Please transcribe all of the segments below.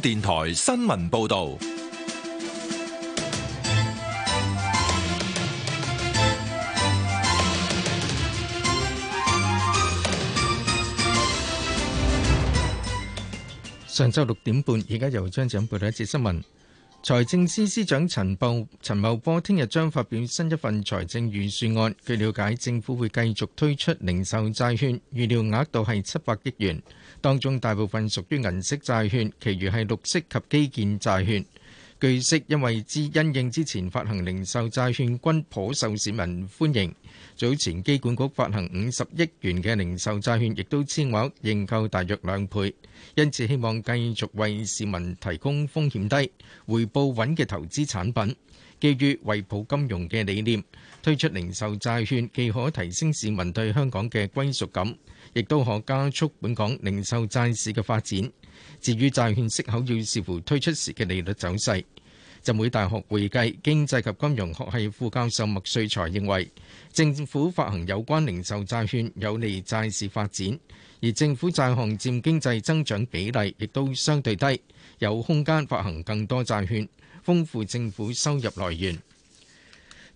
電台新聞報道：上周六點半，而家又將準備到一節新聞。財政司司長陳茂陳茂波聽日將發表新一份財政預算案。據了解，政府會繼續推出零售債券，預料額度係七百億元。當中大部分屬於銀色債券，其餘係綠色及基建債券。據悉，因為之因應之前發行零售債券均頗受市民歡迎，早前機管局發行五十億元嘅零售債券，亦都簽約認購大約兩倍。因此，希望繼續為市民提供風險低、回報穩嘅投資產品，基於惠普金融嘅理念，推出零售債券，既可提升市民對香港嘅歸屬感。亦都可加速本港零售債市嘅發展。至於債券息口，要視乎推出時嘅利率走勢，浸會大學會計經濟及金融學系副教授麥瑞才認為政府發行有關零售債券有利債市發展，而政府債項佔經濟增長比例亦都相對低，有空間發行更多債券，豐富政府收入來源。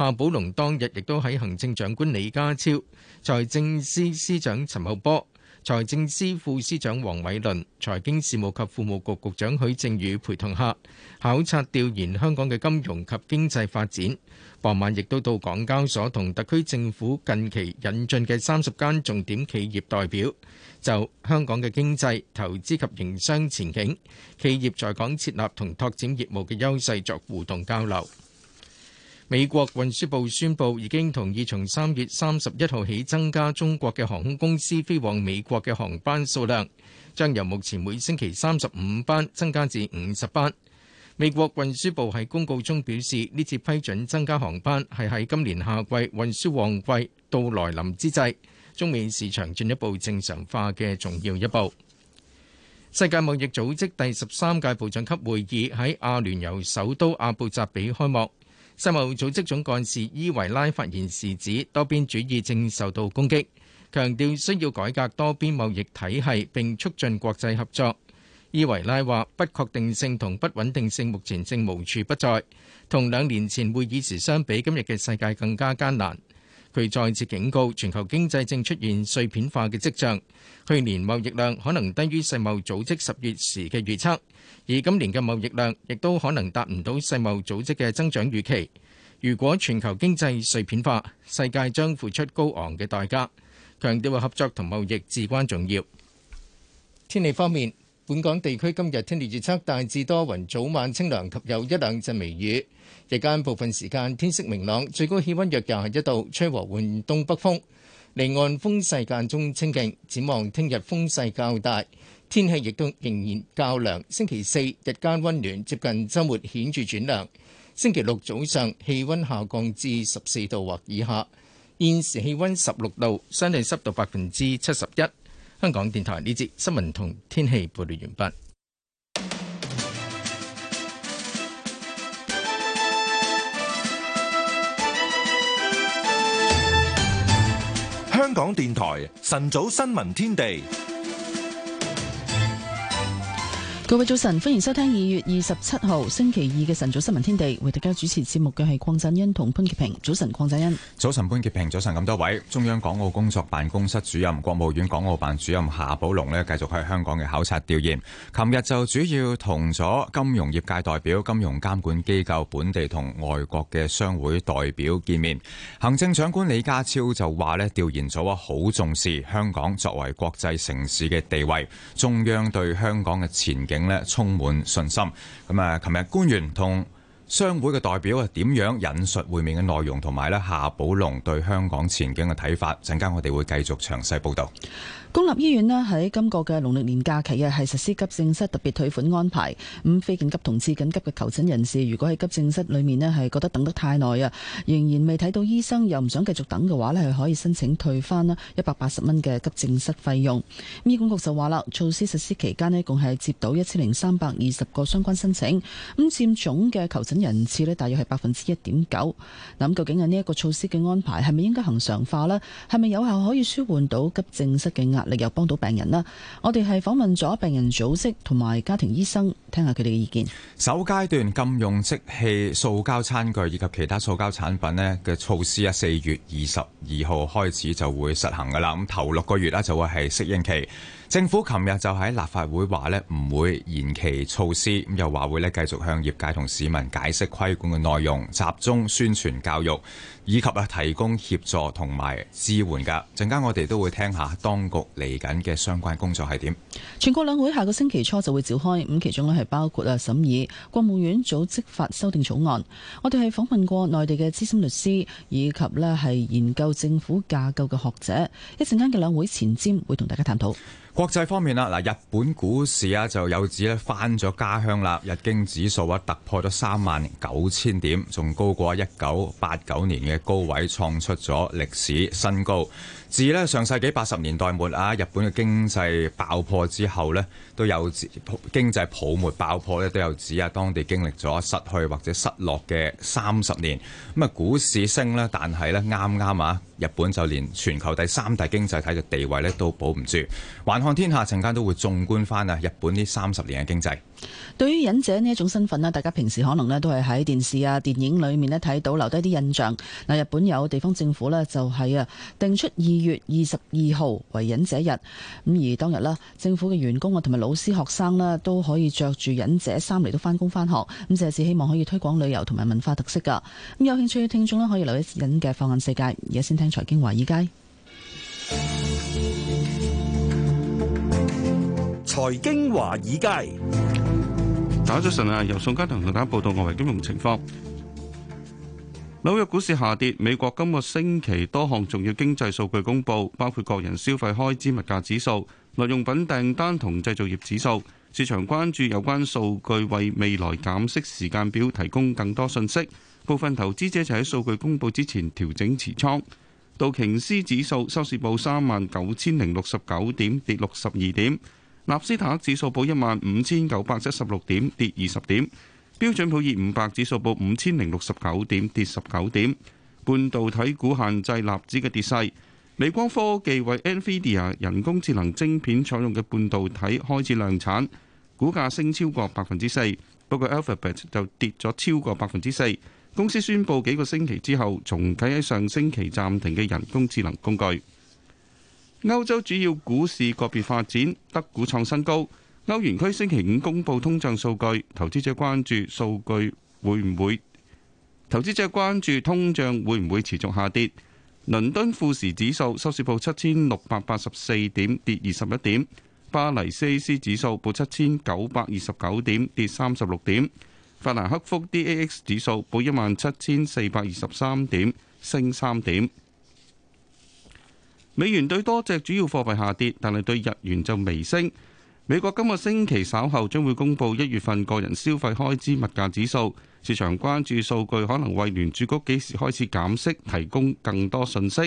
夏寶龍當日亦都喺行政長官李家超、財政司司長陳茂波、財政司副司長黃偉綸、財經事務及庫務局局長許正宇陪同下考察調研香港嘅金融及經濟發展。傍晚亦都到港交所同特區政府近期引進嘅三十間重點企業代表，就香港嘅經濟、投資及營商前景、企業在港設立同拓展業務嘅優勢作互動交流。美國運輸部宣布已經同意從三月三十一號起增加中國嘅航空公司飛往美國嘅航班數量，將由目前每星期三十五班增加至五十班。美國運輸部喺公告中表示，呢次批准增加航班係喺今年夏季運輸旺季到來臨之際，中美市場進一步正常化嘅重要一步。世界貿易組織第十三屆部長級會議喺阿聯酋首都阿布扎比開幕。世貿組織總幹事伊維拉發言時指，多邊主義正受到攻擊，強調需要改革多邊貿易體系，並促進國際合作。伊維拉話：不確定性同不穩定性目前正無處不在，同兩年前會議時相比，今日嘅世界更加艱難。佢再次警告，全球經濟正出現碎片化嘅跡象。去年貿易量可能低於世貿組織十月時嘅預測，而今年嘅貿易量亦都可能達唔到世貿組織嘅增長預期。如果全球經濟碎片化，世界將付出高昂嘅代價。強調嘅合作同貿易至關重要。天氣方面。本港地區今日天氣預測大致多雲，早晚清涼及有一兩陣微雨。日間部分時間天色明朗，最高氣溫約廿一度，吹和緩東北風。離岸風勢間中清勁，展望聽日風勢較大，天氣亦都仍然較涼。星期四日間温暖，接近週末顯著轉涼。星期六早上氣温下降至十四度或以下。現時氣温十六度，相對濕度百分之七十一。香港電台呢節新聞同天氣報道完畢。香港電台晨早新聞天地。各位早晨，歡迎收聽二月二十七號星期二嘅晨早新聞天地。為大家主持節目嘅係鄺振欣同潘潔平。早晨，鄺振欣。早晨，潘潔平。早晨，咁多位。中央港澳工作辦公室主任、國務院港澳辦主任夏寶龍咧，繼續喺香港嘅考察調研。琴日就主要同咗金融業界代表、金融監管機構本地同外國嘅商會代表見面。行政長官李家超就話咧，調研組啊好重視香港作為國際城市嘅地位。中央對香港嘅前景充滿信心，咁啊，琴日官員同商會嘅代表啊，點樣引述會面嘅內容同埋咧夏寶龍對香港前景嘅睇法，陣間我哋會繼續詳細報導。公立醫院咧喺今個嘅農曆年假期嘅，係實施急症室特別退款安排。咁非緊急同次緊急嘅求診人士，如果喺急症室裏面咧係覺得等得太耐啊，仍然未睇到醫生又唔想繼續等嘅話呢係可以申請退翻啦一百八十蚊嘅急症室費用。醫管局就話啦，措施實施期間呢共係接到一千零三百二十個相關申請，咁佔總嘅求診人次呢大約係百分之一點九。咁究竟啊呢一個措施嘅安排係咪應該恆常化咧？係咪有效可以舒緩到急症室嘅壓力？壓力又幫到病人啦。我哋係訪問咗病人組織同埋家庭醫生，聽下佢哋嘅意見。首階段禁用即棄塑膠餐具以及其他塑膠產品咧嘅措施啊，四月二十二號開始就會實行噶啦。咁頭六個月咧就會係適應期。政府琴日就喺立法會話咧，唔會延期措施，咁又話會咧繼續向業界同市民解釋規管嘅內容，集中宣傳教育，以及啊提供協助同埋支援噶。陣間我哋都會聽下當局嚟緊嘅相關工作係點。全國兩會下個星期初就會召開，咁其中咧係包括啊審議國務院組織法修訂草案。我哋係訪問過內地嘅資深律師，以及咧係研究政府架構嘅學者。一陣間嘅兩會前瞻，會同大家探討。國際方面啦，嗱，日本股市啊，就有指咧翻咗家鄉啦，日經指數啊突破咗三萬九千點，仲高過一九八九年嘅高位，創出咗歷史新高。自咧上世紀八十年代末啊，日本嘅經濟爆破之後咧，都有指經濟泡沫爆破咧，都有指啊當地經歷咗失去或者失落嘅三十年。咁啊，股市升咧，但係咧啱啱啊。日本就連全球第三大經濟體嘅地位咧都保唔住。橫看天下，陣間都會縱觀翻啊日本呢三十年嘅經濟。對於忍者呢一種身份咧，大家平時可能咧都係喺電視啊、電影裏面咧睇到，留低啲印象。嗱，日本有地方政府咧就係啊定出二月二十二號為忍者日。咁而當日咧，政府嘅員工啊同埋老師學生咧都可以着住忍者衫嚟到翻工翻學。咁就係只希望可以推廣旅遊同埋文化特色㗎。咁有興趣嘅聽眾咧可以留低忍嘅放眼世界，而家先聽。財經華爾街，財經華爾街，大家早晨啊！由宋嘉騰同大家報道外圍金融情況。紐約股市下跌，美國今個星期多項重要經濟數據公布，包括個人消費開支物價指數、耐用品訂單同製造業指數。市場關注有關數據為未來減息時間表提供更多信息。部分投資者就喺數據公布之前調整持倉。道瓊斯指數收市報三萬九千零六十九點，跌六十二點；納斯達克指數報一萬五千九百七十六點，跌二十點；標準普爾五百指數報五千零六十九點，跌十九點。半導體股限制納指嘅跌勢，美光科技為 Nvidia 人工智能晶片採用嘅半導體開始量產，股價升超過百分之四，不過 Alphabet 就跌咗超過百分之四。公司宣布幾個星期之後重啟喺上星期暫停嘅人工智能工具。歐洲主要股市個別發展，德股創新高。歐元區星期五公布通脹數據，投資者關注數據會唔會？投資者關注通脹會唔會持續下跌？倫敦富時指數收市報七千六百八十四點，跌二十一點。巴黎 CAC 指數報七千九百二十九點，跌三十六點。法蘭克福 DAX 指數報一萬七千四百二十三點，升三點。美元對多隻主要貨幣下跌，但係對日元就微升。美國今個星期稍後將會公布一月份個人消費開支物價指數，市場關注數據可能為聯儲局幾時開始減息提供更多信息。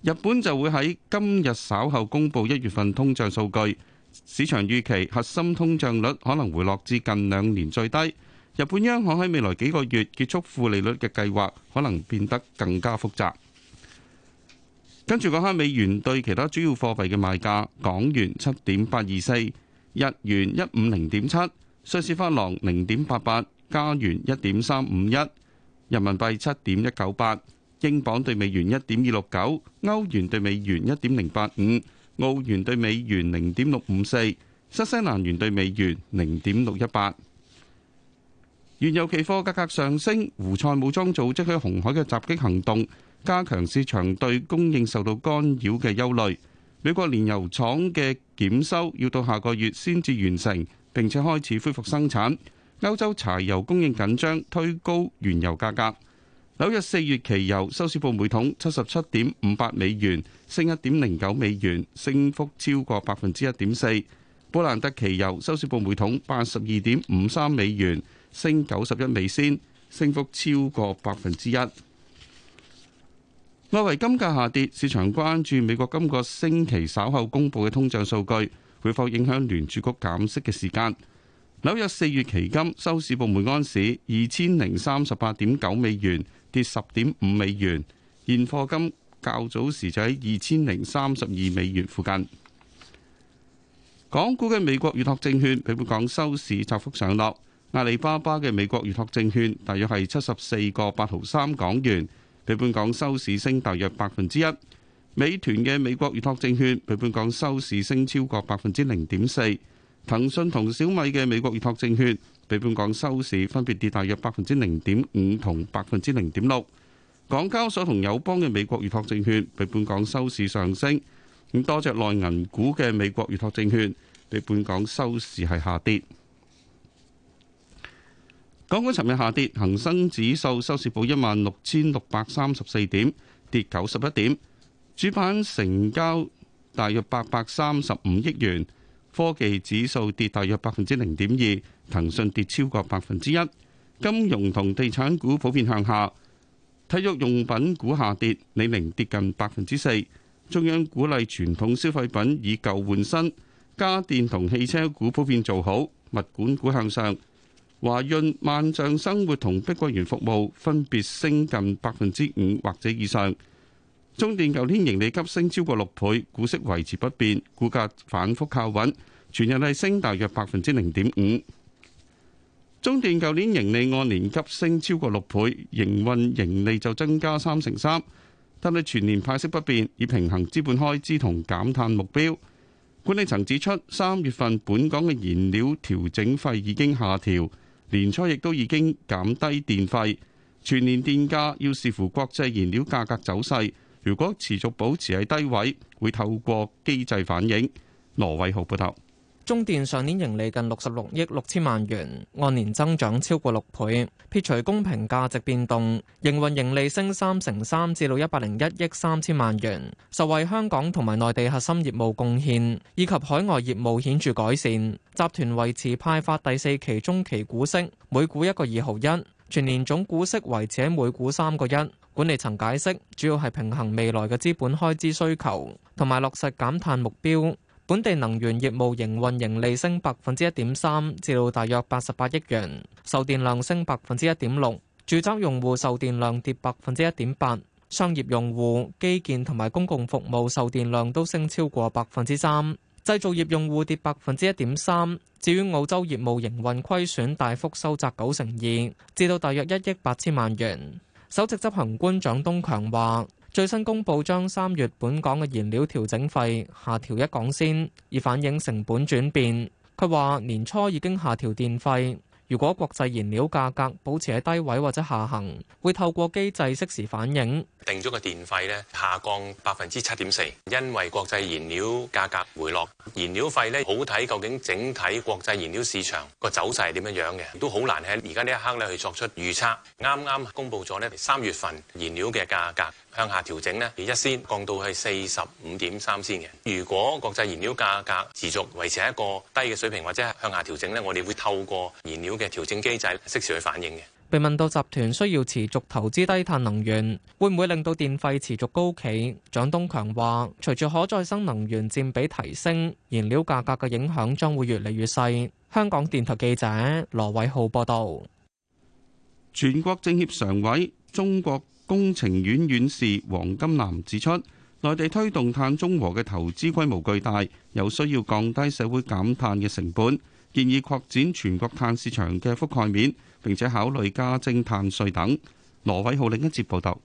日本就會喺今日稍後公布一月份通脹數據，市場預期核心通脹率可能回落至近兩年最低。日本央行喺未來幾個月結束負利率嘅計劃，可能變得更加複雜。跟住講下美元對其他主要貨幣嘅賣價：港元七點八二四，日元一五零點七，瑞士法郎零點八八，加元一點三五一，人民幣七點一九八，英鎊兌美元一點二六九，歐元兌美元一點零八五，澳元兌美元零點六五四，新西蘭元兌美元零點六一八。原油期貨價格上升，胡塞武裝組織喺紅海嘅襲擊行動，加強市場對供應受到干擾嘅憂慮。美國煉油廠嘅檢修要到下個月先至完成，並且開始恢復生產。歐洲柴油供應緊張，推高原油價格。紐約四月期油收市報每桶七十七點五八美元，升一點零九美元，升幅超過百分之一點四。布蘭特期油收市報每桶八十二點五三美元。升九十一美仙，升幅超過百分之一。外圍金價下跌，市場關注美國今個星期稍後公布嘅通脹數據，會否影響聯儲局減息嘅時間。紐約四月期金收市每安士二千零三十八點九美元，跌十點五美元。現貨金較早時就喺二千零三十二美元附近。港股嘅美國越拓證券，佢會講收市窄幅上落。阿里巴巴嘅美國預託證券大約係七十四個八毫三港元，比本港收市升大約百分之一。美團嘅美國預託證券比本港收市升超過百分之零點四。騰訊同小米嘅美國預託證券比本港收市分別跌大約百分之零點五同百分之零點六。港交所同友邦嘅美國預託證券比本港收市上升，咁多隻內銀股嘅美國預託證券比本港收市係下跌。港股尋日下跌，恒生指數收市報一萬六千六百三十四點，跌九十一點。主板成交大約八百三十五億元。科技指數跌大約百分之零點二，騰訊跌超過百分之一。金融同地產股普遍向下，體育用品股下跌，李寧跌近百分之四。中央鼓勵傳統消費品以舊換新，家電同汽車股普遍做好，物管股向上。華潤萬象生活同碧桂園服務分別升近百分之五或者以上。中電舊年盈利急升超過六倍，股息維持不變，股價反復靠穩，全日係升大約百分之零點五。中電舊年盈利按年急升超過六倍，營運盈利就增加三成三，但係全年派息不變，以平衡資本開支同減碳目標。管理層指出，三月份本港嘅燃料調整費已經下調。年初亦都已經減低電費，全年電價要視乎國際燃料價格走勢。如果持續保持喺低位，會透過機制反映。羅偉豪報道。中電上年盈利近六十六億六千萬元，按年增長超過六倍。撇除公平價值變動，營運盈利升三成三至到一百零一億三千萬元，受惠香港同埋內地核心業務貢獻，以及海外業務顯著改善。集團維持派發第四期中期股息，每股一個二毫一，全年總股息維持喺每股三個一。管理層解釋，主要係平衡未來嘅資本開支需求，同埋落實減碳目標。本地能源業務營運盈利升百分之一點三，至到大約八十八億元；售電量升百分之一點六，住宅用戶售電量跌百分之一點八，商業用戶、基建同埋公共服務售電量都升超過百分之三，製造業用戶跌百分之一點三。至於澳洲業務營運虧損大幅收窄九成二，至到大約一億八千萬元。首席執行官蔣東強話。最新公布將三月本港嘅燃料調整費下調一港仙，以反映成本轉變。佢話年初已經下調電費，如果國際燃料價格保持喺低位或者下行，會透過機制適時反映。定咗嘅電費呢，下降百分之七點四，因為國際燃料價格回落。燃料費呢，好睇究竟整體國際燃料市場個走勢係點樣樣嘅，都好難喺而家呢一刻呢去作出預測。啱啱公布咗呢三月份燃料嘅價格。向下調整呢，而一仙降到係四十五點三仙嘅。如果國際燃料價格持續維持喺一個低嘅水平，或者係向下調整呢，我哋會透過燃料嘅調整機制，適時去反映嘅。被問到集團需要持續投資低碳能源，會唔會令到電費持續高企？蔣東強話：隨住可再生能源佔比提升，燃料價格嘅影響將會越嚟越細。香港電台記者羅偉浩報道。全國政協常委中國工程院院士黃金南指出，內地推動碳中和嘅投資規模巨大，有需要降低社會減碳嘅成本，建議擴展全國碳市場嘅覆蓋面，並且考慮加徵碳稅等。羅偉浩另一節報道。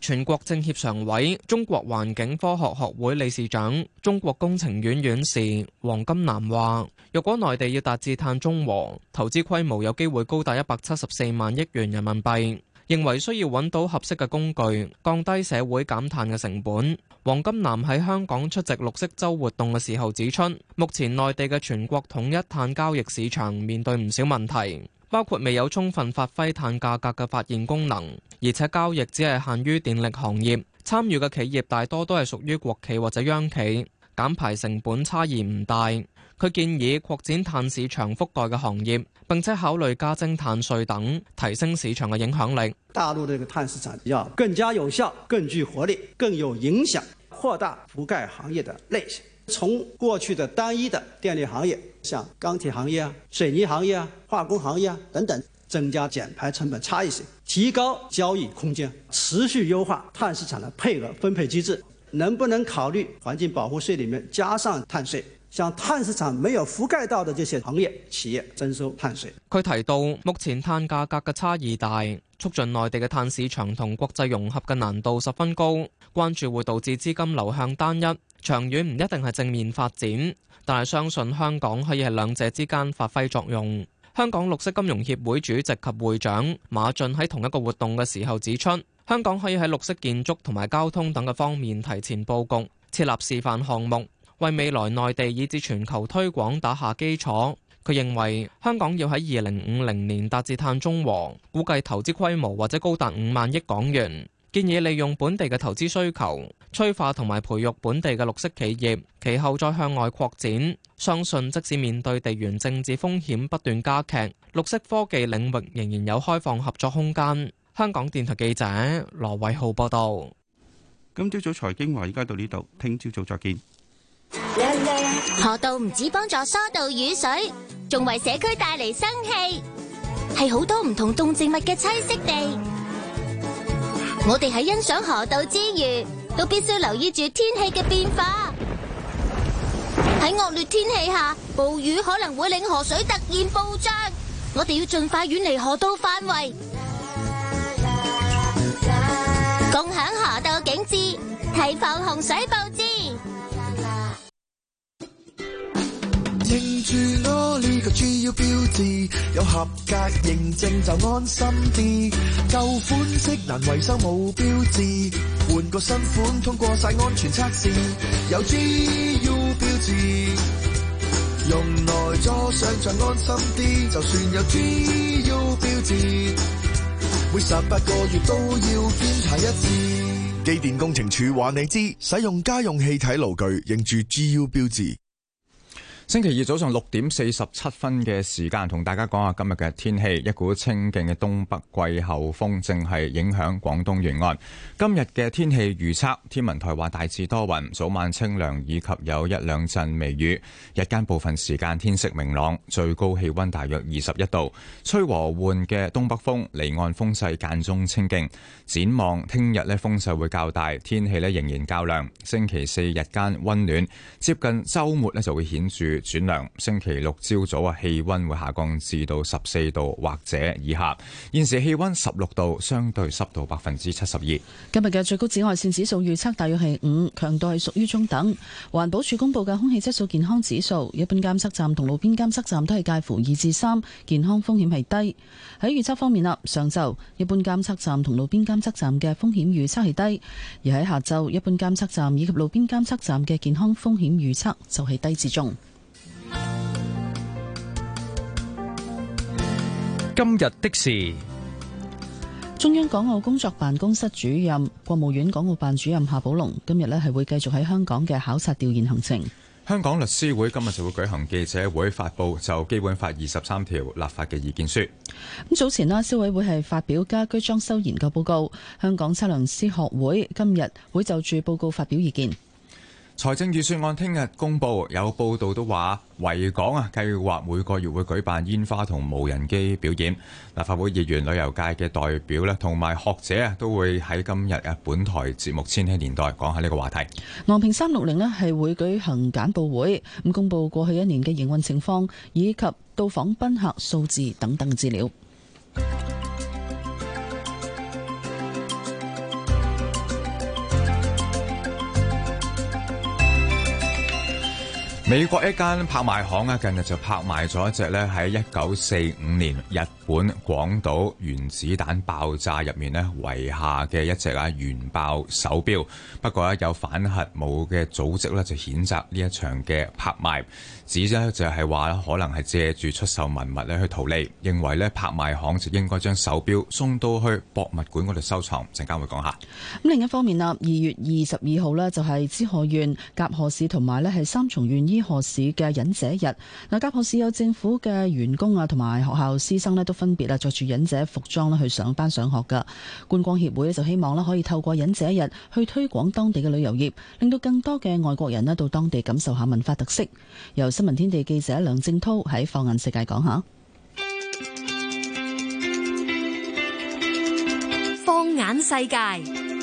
全國政協常委、中國環境科學學會理事長、中國工程院院士黃金南話：「若果內地要達至碳中和，投資規模有機會高達一百七十四萬億元人民幣。認為需要揾到合適嘅工具，降低社會減碳嘅成本。王金南喺香港出席綠色周活動嘅時候指出，目前內地嘅全國統一碳交易市場面對唔少問題，包括未有充分發揮碳價格嘅發現功能，而且交易只係限於電力行業，參與嘅企業大多都係屬於國企或者央企，減排成本差異唔大。佢建議擴展碳市場覆蓋嘅行業，並且考慮加徵碳稅等，提升市場嘅影響力。大陸呢個碳市場要更加有效、更具活力、更有影響，擴大覆蓋行業的類型，從過去的單一的電力行業，像鋼鐵行業啊、水泥行業啊、化工行業啊等等，增加減排成本差異性，提高交易空間，持續優化碳市場的配額分配機制，能不能考慮環境保護稅裏面加上碳稅？向碳市場沒有覆蓋到的這些行業企業徵收碳稅。佢提到，目前碳價格嘅差異大，促進內地嘅碳市場同國際融合嘅難度十分高，關注會導致資金流向單一，長遠唔一定係正面發展。但係相信香港可以喺兩者之間發揮作用。香港綠色金融協會主席及會長馬駿喺同一個活動嘅時候指出，香港可以喺綠色建築同埋交通等嘅方面提前佈局，設立示範項目。為未來內地以至全球推廣打下基礎。佢認為香港要喺二零五零年達至碳中和，估計投資規模或者高達五萬億港元。建議利用本地嘅投資需求，催化同埋培育本地嘅綠色企業，其後再向外擴展。相信即使面對地緣政治風險不斷加劇，綠色科技領域仍然有開放合作空間。香港電台記者羅偉浩報道。今朝早財經華，而家到呢度，聽朝早再見。河道唔止幫助疏導雨水，仲為社區帶嚟生氣，係好多唔同動植物嘅棲息地。我哋喺欣賞河道之餘，都必須留意住天氣嘅變化。喺惡劣天氣下，暴雨可能會令河水突然暴漲，我哋要盡快遠離河道範圍，共享河道景緻，提防洪水暴至。認住我呢個 G U 標誌，有合格認證就安心啲。舊款式難維修，冇標誌，換個新款通過晒安全測試，有 G U 標誌，用耐坐上床安心啲。就算有 G U 標誌，每十八個月都要檢查一次。機電工程署話你知，使用家用氣體爐具認住 G U 標誌。星期二早上六點四十七分嘅時間，同大家講下今日嘅天氣。一股清勁嘅東北季候風正係影響廣東沿岸。今日嘅天氣預測，天文台話大致多雲，早晚清涼，以及有一兩陣微雨。日間部分時間天色明朗，最高氣溫大約二十一度。吹和緩嘅東北風，離岸風勢間中清勁。展望聽日咧風勢會較大，天氣咧仍然較涼。星期四日間溫暖，接近週末咧就會顯著轉涼，星期六朝早啊，氣溫會下降至到十四度或者以下。現時氣溫十六度，相對濕度百分之七十二。今日嘅最高紫外線指數預測大約係五，強度係屬於中等。環保署公布嘅空氣質素健康指數，一般監測站同路邊監測站都係介乎二至三，健康風險係低。喺預測方面啦，上晝一般監測站同路邊監測站嘅風險預測係低，而喺下晝一般監測站以及路邊監測站嘅健康風險預測就係低至中。今日的事，中央港澳工作辦公室主任、國務院港澳辦主任夏寶龍今日呢，係會繼續喺香港嘅考察調研行程。香港律師會今日就會舉行記者會，發布就《基本法》二十三條立法嘅意見書。咁早前啦，消委會係發表家居裝修研究報告，香港測量師學會今日會就住報告發表意見。財政預算案聽日公布，有報道都話，維港啊計劃每個月會舉辦煙花同無人機表演。立法會議員、旅遊界嘅代表咧，同埋學者啊，都會喺今日嘅本台節目《千禧年代》講下呢個話題。昂平三六零咧係會舉行簡報會，咁公布過去一年嘅營運情況以及到訪賓客數字等等資料。美國一間拍賣行近日就拍賣咗一隻咧喺一九四五年日本廣島原子彈爆炸入面咧遺下嘅一隻啊原爆手錶。不過有反核武嘅組織就譴責呢一場嘅拍賣，指咧就係話可能係借住出售文物去圖利，認為拍賣行就應該將手表送到去博物館嗰度收藏，陣間會講下。咁另一方面啦，二月二十二號就係滋賀縣甲賀市同埋咧係三重縣醫河市嘅忍者日，嗱，家河市有政府嘅員工啊，同埋學校師生咧，都分別啊着住忍者服裝咧去上班上學噶。觀光協會就希望咧可以透過忍者日去推廣當地嘅旅遊業，令到更多嘅外國人咧到當地感受下文化特色。由新聞天地記者梁正濤喺放眼世界講下。放眼世界。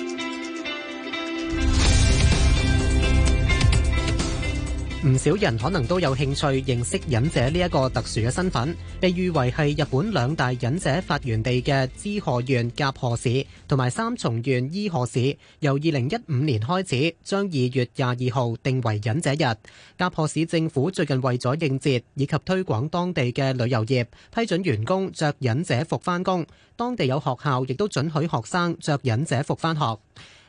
唔少人可能都有興趣認識忍者呢一個特殊嘅身份，被譽為係日本兩大忍者發源地嘅滋賀縣甲賀市同埋三重縣伊賀市，由二零一五年開始將二月廿二號定為忍者日。甲賀市政府最近為咗應節以及推廣當地嘅旅遊業，批准員工著忍者服返工，當地有學校亦都准許學生著忍者服返學。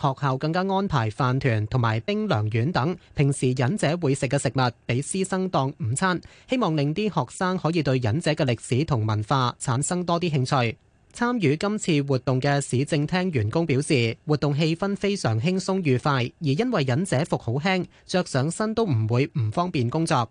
學校更加安排飯團同埋冰涼丸等平時忍者會食嘅食物，俾師生當午餐，希望令啲學生可以對忍者嘅歷史同文化產生多啲興趣。參與今次活動嘅市政廳員工表示，活動氣氛非常輕鬆愉快，而因為忍者服好輕，着上身都唔會唔方便工作。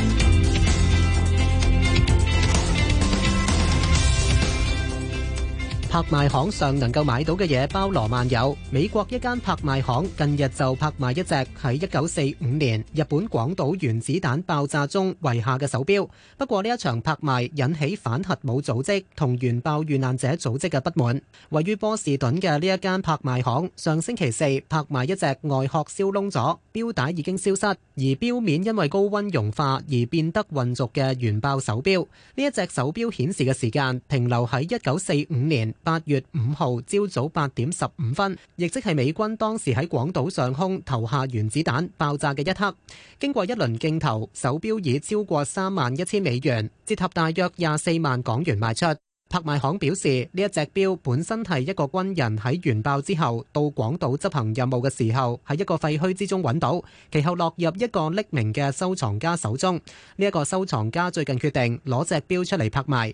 拍賣行上能夠買到嘅嘢包羅萬有。美國一間拍賣行近日就拍賣一隻喺一九四五年日本廣島原子彈爆炸中遺下嘅手表。不過呢一場拍賣引起反核武組織同原爆遇難者組織嘅不滿。位於波士頓嘅呢一間拍賣行，上星期四拍賣一隻外殼燒窿咗、表帶已經消失，而表面因為高溫融化而變得渾濁嘅原爆手錶，呢一隻手錶顯示嘅時間停留喺一九四五年八月五號朝早八點十五分，亦即係美軍當時喺廣島上空投下原子彈爆炸嘅一刻。經過一輪競投，手錶以超過三萬一千美元，折合大約廿四萬港元賣出。拍賣行表示，呢一隻錶本身係一個軍人喺原爆之後到廣島執行任務嘅時候，喺一個廢墟之中揾到，其後落入一個匿名嘅收藏家手中。呢一個收藏家最近決定攞隻錶出嚟拍賣。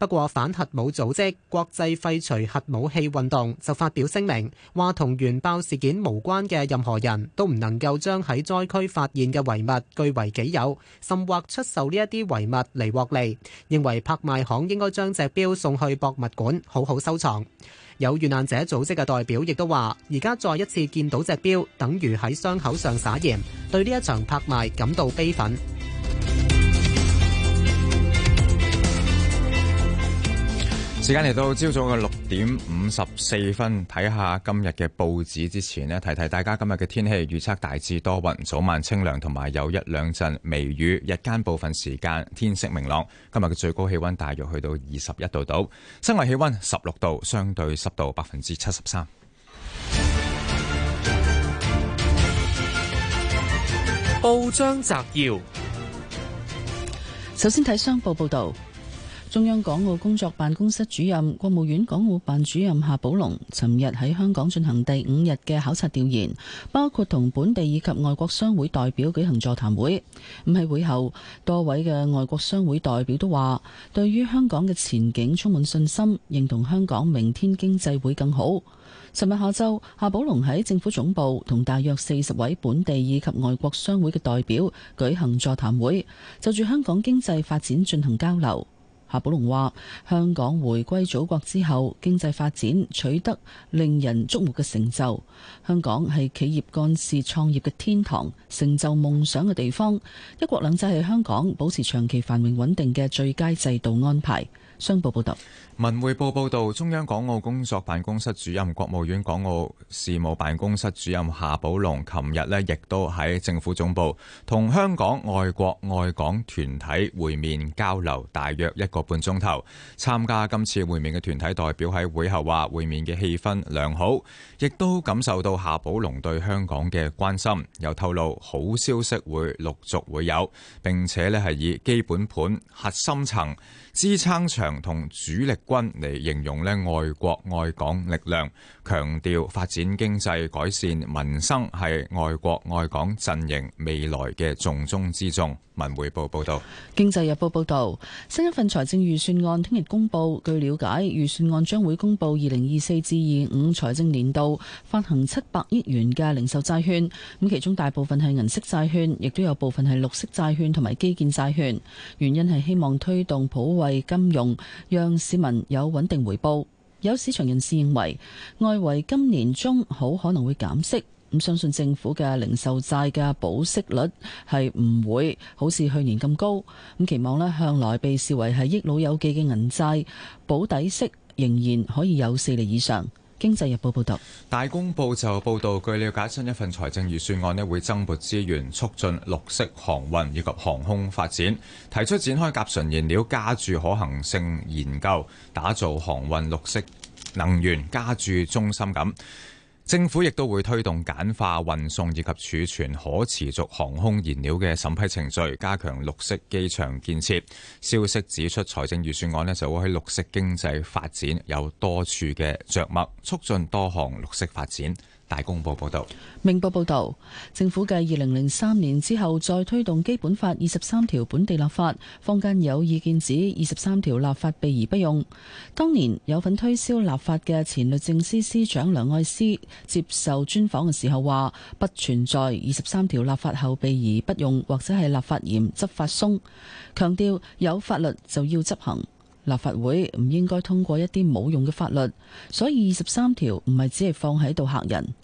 不過，反核武組織國際廢除核武器運動就發表聲明，話同原爆事件無關嘅任何人都唔能夠將喺災區發現嘅遺物據為己有，甚或出售呢一啲遺物嚟獲利。認為拍賣行應該將隻錶送去博物館好好收藏。有遇難者組織嘅代表亦都話：而家再一次見到隻錶，等於喺傷口上撒鹽，對呢一場拍賣感到悲憤。時間嚟到朝早嘅六點五十四分，睇下今日嘅報紙之前呢，提提大家今日嘅天氣預測大致多雲，早晚清涼，同埋有一兩陣微雨，日間部分時間天色明朗。今日嘅最高氣溫大約去到二十一度度，室外氣溫十六度，相對濕度百分之七十三。報章摘要，首先睇商報報道。中央港澳工作辦公室主任、國務院港澳辦主任夏寶龍尋日喺香港進行第五日嘅考察調研，包括同本地以及外國商會代表舉行座談會。咁喺會後，多位嘅外國商會代表都話，對於香港嘅前景充滿信心，認同香港明天經濟會更好。尋日下晝，夏寶龍喺政府總部同大約四十位本地以及外國商會嘅代表舉行座談會，就住香港經濟發展進行交流。夏寶龍話：香港回歸祖國之後，經濟發展取得令人矚目嘅成就。香港係企業幹事創業嘅天堂，成就夢想嘅地方。一國兩制係香港保持長期繁榮穩定嘅最佳制度安排。商報報道，文匯報報道，中央港澳工作辦公室主任、國務院港澳事務辦公室主任夏寶龍，琴日呢亦都喺政府總部同香港愛國愛港團體會面交流，大約一個半鐘頭。參加今次會面嘅團體代表喺會後話，會面嘅氣氛良好，亦都感受到夏寶龍對香港嘅關心。又透露好消息會陸續會有，並且呢係以基本盤核心層支撐牆同主力軍嚟形容呢愛國愛港力量，強調發展經濟、改善民生係愛國愛港陣營未來嘅重中之重。文匯報報道，經濟日報報道，新一份財政預算案聽日公布。據了解，預算案將會公布二零二四至二五財政年度發行七百億元嘅零售債券，咁其中大部分係銀色債券，亦都有部分係綠色債券同埋基建債券。原因係希望推動普惠。係金融，讓市民有穩定回報。有市場人士認為，外圍今年中好可能會減息，咁相信政府嘅零售債嘅保息率係唔會好似去年咁高。咁期望咧，向來被視為係益老友記嘅銀債保底息仍然可以有四厘以上。經濟日報報道，大公報就報道，據了解，新一份財政預算案呢會增撥資源，促進綠色航運以及航空發展，提出展開甲醇燃料加注可行性研究，打造航運綠色能源加注中心咁。政府亦都會推動簡化運送以及儲存可持續航空燃料嘅審批程序，加強綠色機場建設。消息指出，財政預算案呢就會喺綠色經濟發展有多處嘅着墨，促進多項綠色發展。大公報報導，明報報導，政府繼二零零三年之後再推動基本法二十三條本地立法，坊間有意見指二十三條立法備而不用。當年有份推銷立法嘅前律政司司長梁愛詩接受專訪嘅時候話：不存在二十三條立法後備而不用，或者係立法嚴執法鬆。強調有法律就要執行，立法會唔應該通過一啲冇用嘅法律，所以二十三條唔係只係放喺度嚇人。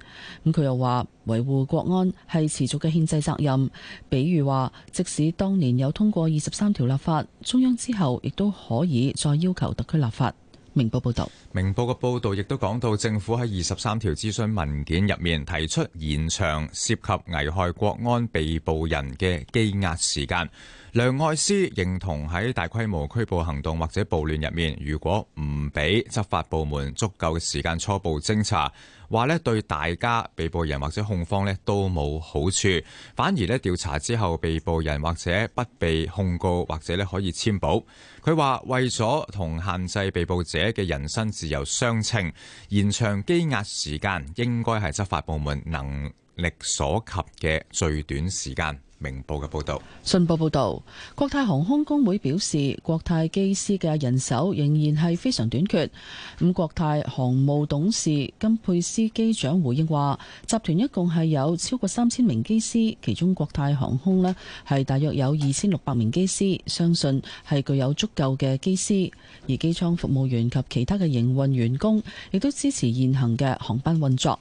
咁佢又話維護國安係持續嘅憲制責任，比如話，即使當年有通過二十三條立法，中央之後亦都可以再要求特區立法。明報報道，明報嘅報導亦都講到政府喺二十三條諮詢文件入面提出延長涉及危害國安被捕人嘅羈押時間。梁愛詩認同喺大規模拘捕行動或者暴亂入面，如果唔俾執法部門足夠嘅時間初步偵查，話咧對大家被捕人或者控方咧都冇好處，反而咧調查之後被捕人或者不被控告或者咧可以簽保。佢話為咗同限制被捕者嘅人身自由相稱，延長羈押時間應該係執法部門能力所及嘅最短時間。明報嘅報導，信報報導，國泰航空工會表示，國泰機師嘅人手仍然係非常短缺。咁國泰航務董事金佩斯機長回應話，集團一共係有超過三千名機師，其中國泰航空呢係大約有二千六百名機師，相信係具有足夠嘅機師。而機艙服務員及其他嘅營運員工亦都支持現行嘅航班運作。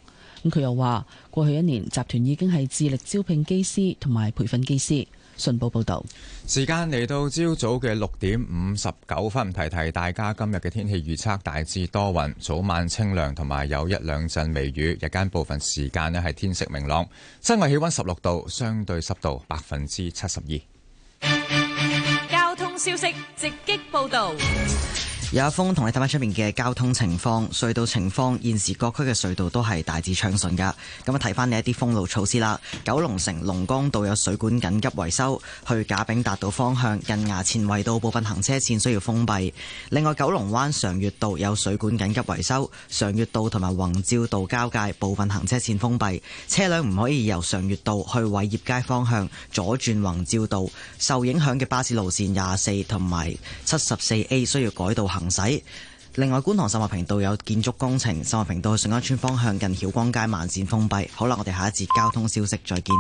佢又話，過去一年集團已經係致力招聘機師同埋培訓機師。信報報道，時間嚟到朝早嘅六點五十九分，提提大家今日嘅天氣預測大致多雲，早晚清涼，同埋有一兩陣微雨，日間部分時間呢係天色明朗。室外氣温十六度，相對濕度百分之七十二。交通消息直擊報道。有一封同你睇翻出面嘅交通情況、隧道情況，現時各區嘅隧道都係大致暢順㗎。咁啊，提翻你一啲封路措施啦。九龍城龍崗道有水管緊急維修，去賈炳達道方向近衙前圍道部分行車線需要封閉，另外，九龍灣常悅道有水管緊急維修，常悅道同埋宏照道交界部分行車線封閉，車輛唔可以由常悅道去偉業街方向左轉宏照道。受影響嘅巴士路線廿四同埋七十四 A 需要改道。行駛。另外，觀塘秀茂坪道有建築工程，秀茂坪道順安邨方向近曉光街慢綫封閉。好啦，我哋下一節交通消息再見。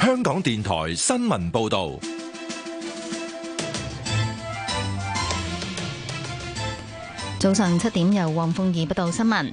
香港電台新聞報道。早上七點，由黃鳳儀報道新聞。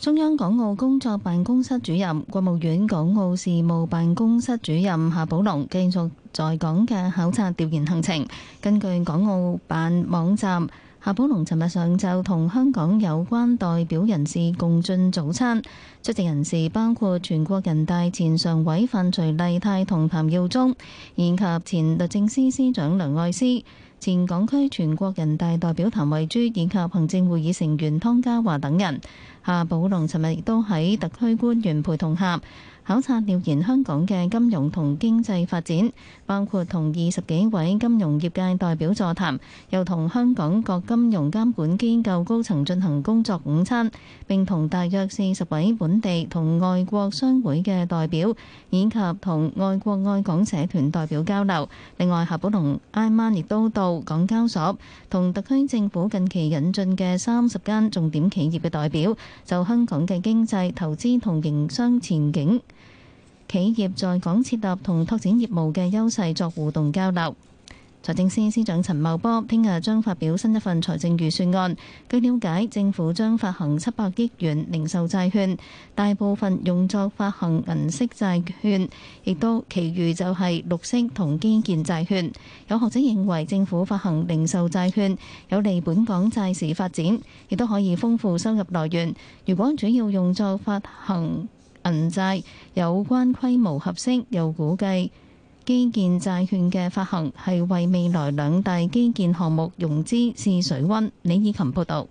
中央港澳工作辦公室主任、國務院港澳事務辦公室主任夏寶龍繼續在港嘅考察調研行程。根據港澳辦網站，夏寶龍尋日上晝同香港有關代表人士共進早餐。出席人士包括全國人大前常委范徐麗泰同譚耀宗，以及前律政司司司長梁愛詩。前港區全國人大代表譚惠珠，以及行政會議成員湯家驊等人。夏寶龍尋日亦都喺特區官員陪同下考察調研香港嘅金融同經濟發展，包括同二十幾位金融業界代表座談，又同香港各金融監管機構高層進行工作午餐，並同大約四十位本地同外國商會嘅代表，以及同外國愛港社團代表交流。另外，夏寶龍挨晚亦都到港交所，同特區政府近期引進嘅三十間重點企業嘅代表。就香港嘅經濟、投資同營商前景，企業在港設立同拓展業務嘅優勢作互動交流。財政司司長陳茂波聽日將發表新一份財政預算案。據了解，政府將發行七百億元零售債券，大部分用作發行銀色債券，亦都其餘就係綠色同基建債券。有學者認為，政府發行零售債券有利本港債市發展，亦都可以豐富收入來源。如果主要用作發行銀債，有關規模合適，又估計。基建債券嘅發行係為未來兩大基建項目融資試水溫。李以琴報道。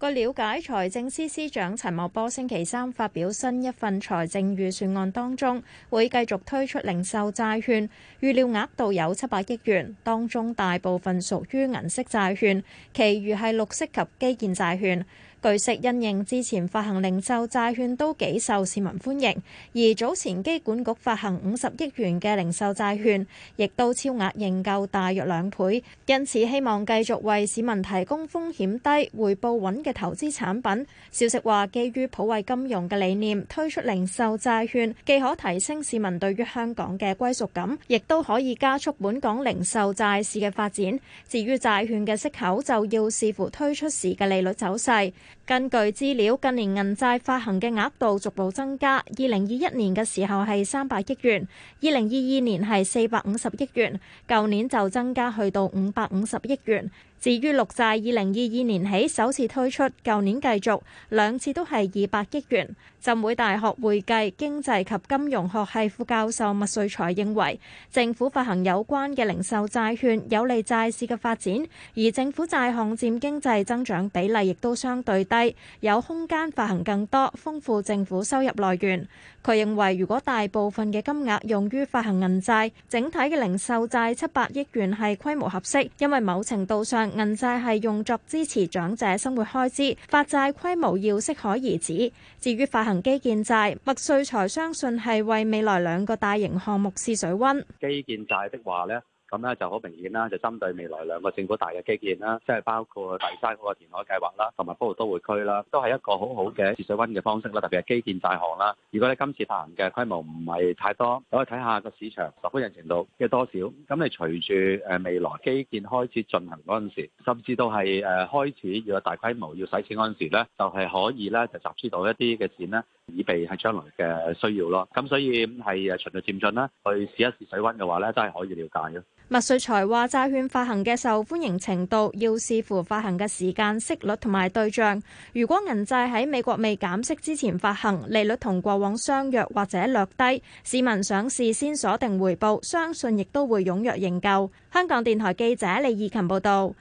據了解，財政司司長陳茂波星期三發表新一份財政預算案，當中會繼續推出零售債券，預料額度有七百億元，當中大部分屬於銀色債券，其餘係綠色及基建債券。據悉，因應之前發行零售債券都幾受市民歡迎，而早前機管局發行五十億元嘅零售債券，亦都超額認購大約兩倍。因此，希望繼續為市民提供風險低、回報穩嘅投資產品。消息話，基於普惠金融嘅理念推出零售債券，既可提升市民對於香港嘅歸屬感，亦都可以加速本港零售債市嘅發展。至於債券嘅息口，就要視乎推出時嘅利率走勢。根據資料，近年銀債發行嘅額度逐步增加。二零二一年嘅時候係三百億元，二零二二年係四百五十億元，舊年就增加去到五百五十億元。至於綠債，二零二二年起首次推出，舊年繼續，兩次都係二百億元。浸會大學會計經濟及金融學系副教授麥瑞才認為，政府發行有關嘅零售債券有利債市嘅發展，而政府債項佔經濟增長比例亦都相對低，有空間發行更多，豐富政府收入來源。佢認為，如果大部分嘅金額用於發行銀債，整體嘅零售債七百億元係規模合適，因為某程度上銀債係用作支持長者生活開支，發債規模要適可而止。至於發行基建債，麥穗才相信係為未來兩個大型項目試水溫。基建債的話呢？咁咧就好明顯啦，就針對未來兩個政府大嘅基建啦，即係包括第三個填海計劃啦，同埋北部都會區啦，都係一個好好嘅試水溫嘅方式啦。特別係基建大行啦，如果你今次發行嘅規模唔係太多，你可以睇下個市場受歡迎程度嘅多少。咁你隨住未來基建開始進行嗰陣時，甚至都係誒開始要有大規模要使錢嗰陣時咧，就係、是、可以咧就集資到一啲嘅錢咧，以備喺將來嘅需要咯。咁所以係誒循序漸進啦，去試一試水溫嘅話咧，真係可以了解麥瑞才話：債券發行嘅受歡迎程度要視乎發行嘅時間、息率同埋對象。如果銀債喺美國未減息之前發行，利率同過往相若或者略低，市民想事先鎖定回報，相信亦都會踴躍認購。香港電台記者李義勤報道。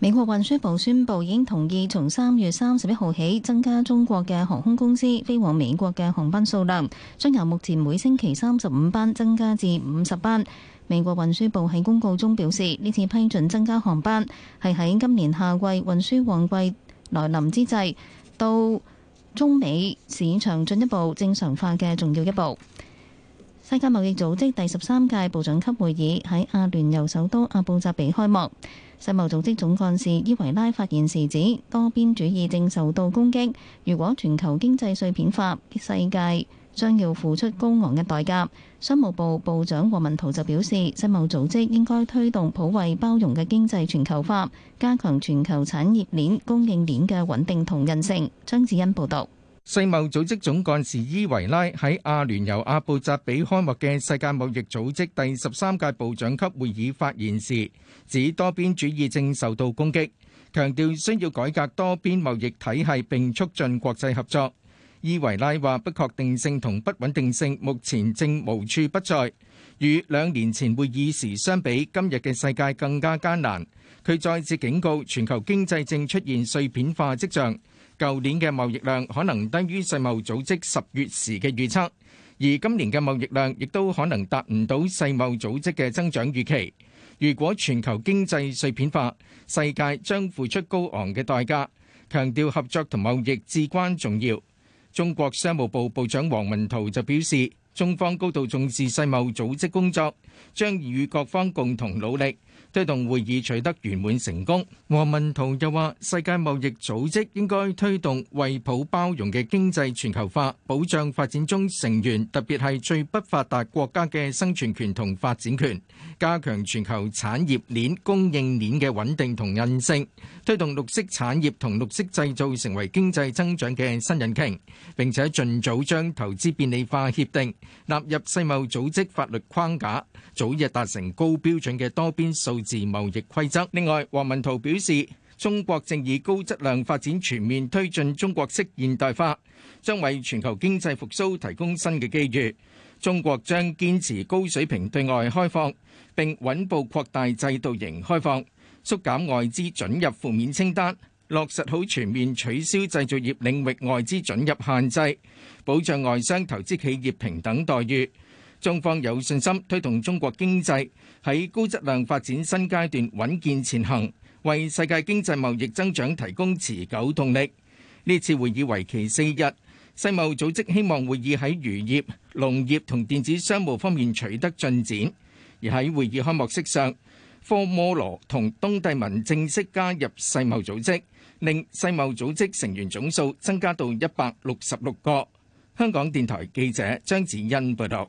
美國運輸部宣布已經同意從三月三十一號起增加中國嘅航空公司飛往美國嘅航班數量，將由目前每星期三十五班增加至五十班。美國運輸部喺公告中表示，呢次批准增加航班係喺今年夏季運輸旺季來臨之際，到中美市場進一步正常化嘅重要一步。世界貿易組織第十三屆部長級會議喺阿聯酋首都阿布扎比開幕，世貿組織總幹事伊維拉發言時指，多邊主義正受到攻擊，如果全球經濟碎片化，世界將要付出高昂嘅代價。商務部部長王文濤就表示，世貿組織應該推動普惠包容嘅經濟全球化，加強全球產業鏈供應鏈嘅穩定同韌性。張子欣報導。世貿組織總幹事伊維拉喺阿聯酋阿布扎比開幕嘅世界貿易組織第十三屆部長級會議發言時，指多邊主義正受到攻擊，強調需要改革多邊貿易體系並促進國際合作。伊維拉話，不確定性同不穩定性目前正無處不在，與兩年前會議時相比，今日嘅世界更加艱難。佢再次警告，全球經濟正出現碎片化迹象。舊年嘅貿易量可能低於世貿組織十月時嘅預測，而今年嘅貿易量亦都可能達唔到世貿組織嘅增長預期。如果全球經濟碎片化，世界將付出高昂嘅代價。強調合作同貿易至關重要。中國商務部部長王文濤就表示，中方高度重視世貿組織工作，將與各方共同努力。推動會議取得圓滿成功。王文濤又話：世界貿易組織應該推動惠普包容嘅經濟全球化，保障發展中成員，特別係最不發達國家嘅生存權同發展權，加強全球產業鏈供應鏈嘅穩定同韌性，推動綠色產業同綠色製造成為經濟增長嘅新引擎。並且盡早將投資便利化協定納入世貿組織法律框架，早日達成高標準嘅多邊數自貿易規則。另外，黃文濤表示，中國正以高質量發展全面推進中國式現代化，將為全球經濟復甦提供新嘅機遇。中國將堅持高水平對外開放，並穩步擴大制度型開放，縮減外資准入負面清單，落實好全面取消製造業領域外資准入限制，保障外商投資企業平等待遇。中方有信心推動中國經濟喺高質量發展新階段穩健前行，為世界經濟貿易增長提供持久動力。呢次會議為期四日，世貿組織希望會議喺漁業、農業同電子商務方面取得進展。而喺會議開幕式上，科摩羅同東帝汶正式加入世貿組織，令世貿組織成員總數增加到一百六十六個。香港電台記者張子欣報導。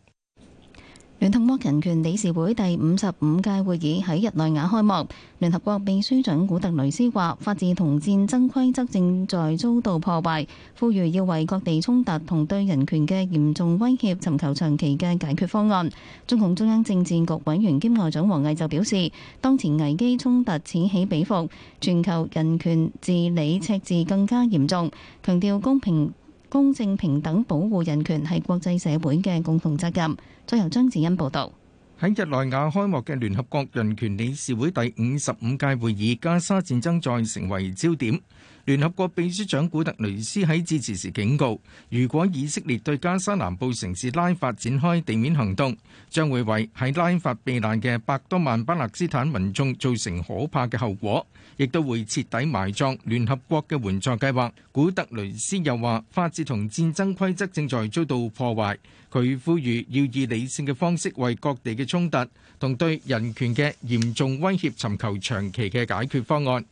聯合國人權理事會第五十五屆會議喺日內瓦開幕。聯合國秘書長古特雷斯話：法治同戰爭規則正在遭到破壞，呼籲要為各地衝突同對人權嘅嚴重威脅尋求長期嘅解決方案。中共中央政治局委員兼外長王毅就表示，當前危機衝突此起彼伏，全球人權治理赤字更加嚴重，強調公平。公正平等保護人權係國際社會嘅共同責任。再由張子欣報導，喺日內瓦開幕嘅聯合國人權理事會第五十五屆會議，加沙戰爭再成為焦點。聯合國秘書長古特雷斯喺致辭時警告，如果以色列對加沙南部城市拉法展開地面行動，將會為喺拉法避難嘅百多萬巴勒斯坦民眾造成可怕嘅後果。亦都會徹底埋葬聯合國嘅援助計劃。古特雷斯又話：法治同戰爭規則正在遭到破壞。佢呼籲要以理性嘅方式為各地嘅衝突同對人權嘅嚴重威脅尋求長期嘅解決方案。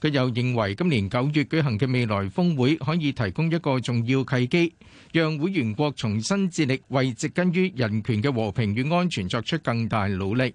佢又認為今年九月舉行嘅未來峰會可以提供一個重要契機，讓會員國重新致力為植根於人權嘅和平與安全作出更大努力。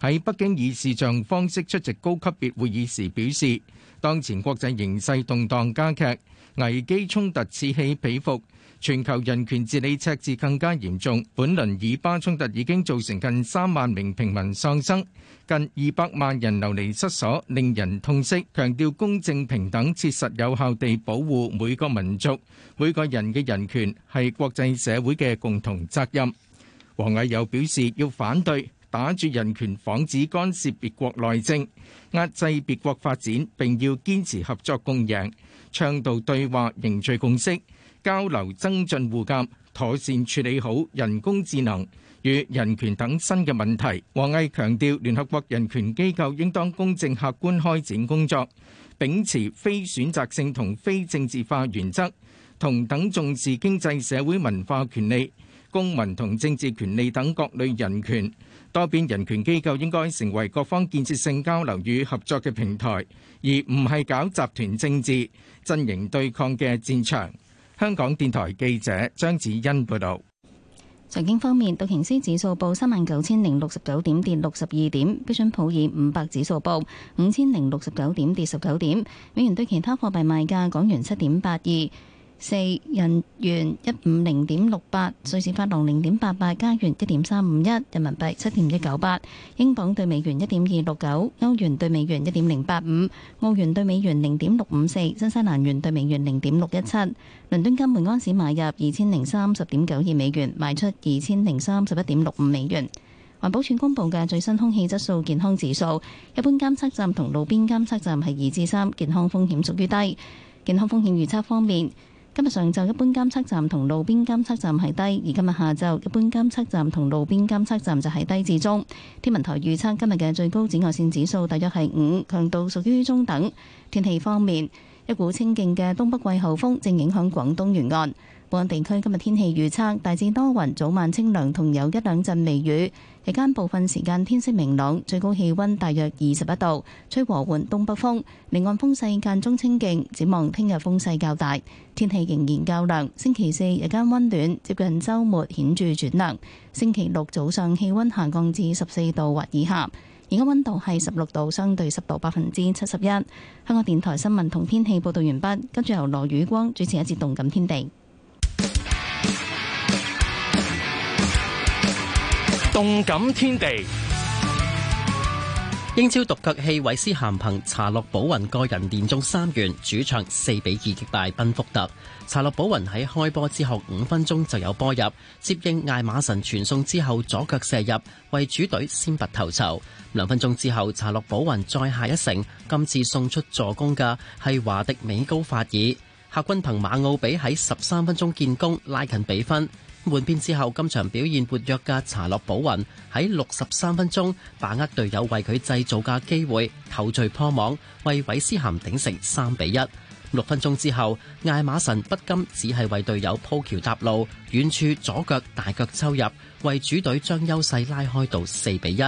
喺北京以視像方式出席高級別會議時表示，當前國際形勢動盪加劇，危機衝突此起彼伏，全球人權治理赤字更加嚴重。本輪以巴衝突已經造成近三萬名平民喪生，近二百萬人流離失所，令人痛惜。強調公正平等、切實有效地保護每個民族、每個人嘅人權係國際社會嘅共同責任。王毅又表示要反對打着人權幌子干涉別國內政，壓制別國發展，並要堅持合作共贏、倡導對話、凝聚共識、交流增進互鑒，妥善處理好人工智能與人權等新嘅問題。王毅強調，聯合國人權機構應當公正客觀開展工作，秉持非選擇性同非政治化原則，同等重視經濟社會文化權利、公民同政治權利等各類人權。多邊人權機構應該成為各方建設性交流與合作嘅平台，而唔係搞集團政治陣營對抗嘅戰場。香港電台記者張子欣報道。財經方面，道瓊斯指數報三萬九千零六十九點，跌六十二點；標準普爾五百指數報五千零六十九點，跌十九點。美元對其他貨幣賣價，港元七點八二。四日元，一五零點六八瑞士法郎，零點八八加元一點三五一人民幣七點一九八英鎊兌美元一點二六九歐元兌美元一點零八五澳元兌美元零點六五四新西蘭元兌美元零點六一七倫敦金每盎司買入二千零三十點九二美元賣出二千零三十一點六五美元。環保署公布嘅最新空氣質素健康指數，一般監測站同路邊監測站係二至三，3, 健康風險屬於低。健康風險預測方面。今日上晝一般監測站同路邊監測站係低，而今日下晝一般監測站同路邊監測站就係低至中。天文台預測今日嘅最高紫外線指數大約係五，強度屬於中等。天氣方面，一股清勁嘅東北季候風正影響廣東沿岸，本港地區今日天氣預測大致多雲，早晚清涼，同有一兩陣微雨。夜間部分時間天色明朗，最高氣溫大約二十一度，吹和緩東北風。離岸風勢間中清勁，展望聽日風勢較大，天氣仍然較涼。星期四日間溫暖，接近周末顯著轉涼。星期六早上氣溫下降至十四度或以下，而家溫度係十六度，相對濕度百分之七十一。香港電台新聞同天氣報道完畢，跟住由羅宇光主持一節《動感天地》。動感天地，英超獨腳戲，韋斯咸憑查洛保雲個人連中三元，主場四比二擊敗賓福特。查洛保雲喺開波之後五分鐘就有波入，接應艾馬神傳送之後左腳射入，為主隊先拔頭籌。兩分鐘之後，查洛保雲再下一城，今次送出助攻嘅係華迪美高法爾。客軍憑馬奧比喺十三分鐘建功，拉近比分。換邊之後，今場表現活躍嘅查洛保雲喺六十三分鐘把握隊友為佢製造嘅機會，頭槌破網，為韋斯咸頂成三比一。六分鐘之後，艾馬神不甘，只係為隊友鋪橋搭路，遠處左腳大腳抽入，為主隊將優勢拉開到四比一。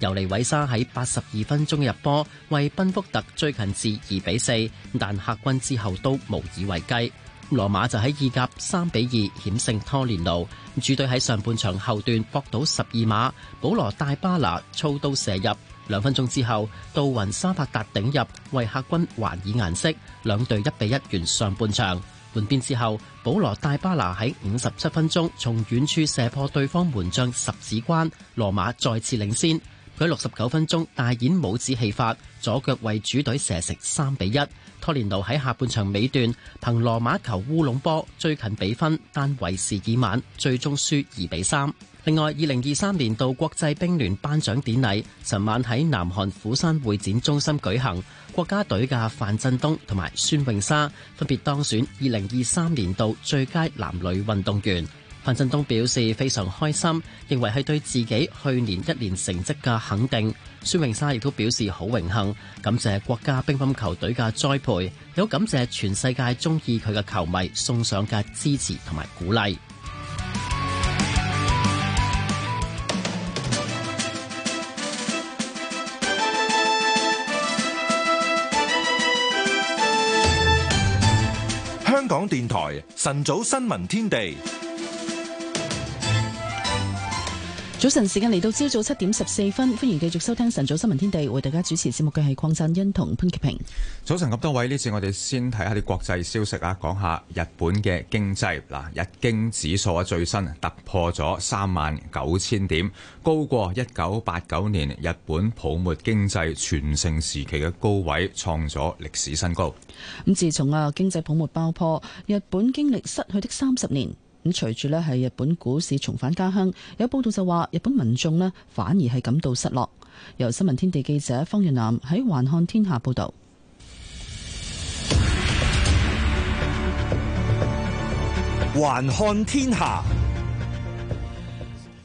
尤尼韋沙喺八十二分鐘入波，為賓福特追近至二比四，但客軍之後都無以為繼。羅馬就喺意甲三比二險勝拖連奴，主隊喺上半場後段搏到十二碼，保羅大巴拿操刀射入，兩分鐘之後，杜雲沙伯達頂入，為客軍還以顏色，兩隊一比一完上半場。換邊之後，保羅大巴拿喺五十七分鐘從遠處射破對方門將十指關，羅馬再次領先。佢六十九分鐘大演帽子戲法，左腳為主隊射成三比一。托連奴喺下半場尾段憑羅馬球烏龍波追近比分，但為時已晚，最終輸二比三。另外，二零二三年度國際乒聯頒獎典禮尋晚喺南韓釜山會展中心舉行，國家隊嘅范振東同埋孫穎莎分別當選二零二三年度最佳男女運動員。范振東表示非常開心，認為係對自己去年一年成績嘅肯定。孫穎莎亦都表示好榮幸，感謝國家乒乓球隊嘅栽培，有感謝全世界中意佢嘅球迷送上嘅支持同埋鼓勵。香港電台晨早新聞天地。早晨時間嚟到朝早七點十四分，歡迎繼續收聽晨早新聞天地，為大家主持節目嘅係鄺振欣同潘潔平。早晨咁多位，呢次我哋先睇下啲國際消息啊，講下日本嘅經濟嗱，日經指數啊，最新突破咗三萬九千點，高過一九八九年日本泡沫經濟全盛時期嘅高位，創咗歷史新高。咁自從啊，經濟泡沫爆破，日本經歷失去的三十年。咁隨住咧係日本股市重返家鄉，有報道就話日本民眾咧反而係感到失落。由新聞天地記者方若南喺《還看天下》報道。《還看天下》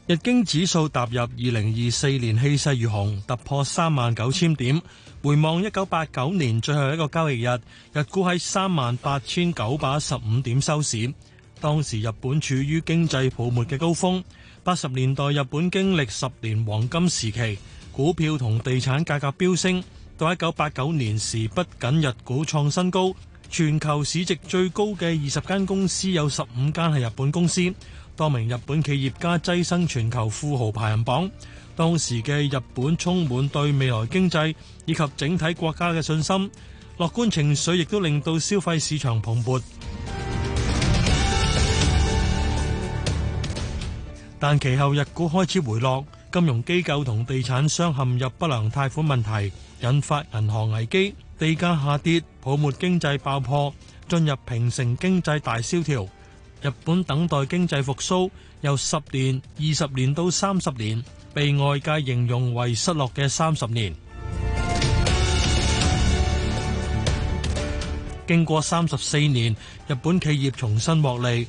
日經指數踏入二零二四年氣勢如虹，突破三萬九千點。回望一九八九年最後一個交易日，日股喺三萬八千九百十五點收市。當時日本處於經濟泡沫嘅高峰，八十年代日本經歷十年黃金時期，股票同地產價格飆升。到一九八九年時，不僅日股創新高，全球市值最高嘅二十間公司有十五間係日本公司，多名日本企業家躋身全球富豪排行榜。當時嘅日本充滿對未來經濟以及整體國家嘅信心，樂觀情緒亦都令到消費市場蓬勃。但其後日股開始回落，金融機構同地產商陷入不良貸款問題，引發銀行危機，地價下跌，泡沫經濟爆破，進入平成經濟大蕭條。日本等待經濟復甦，由十年、二十年到三十年，被外界形容為失落嘅三十年。經過三十四年，日本企業重新獲利。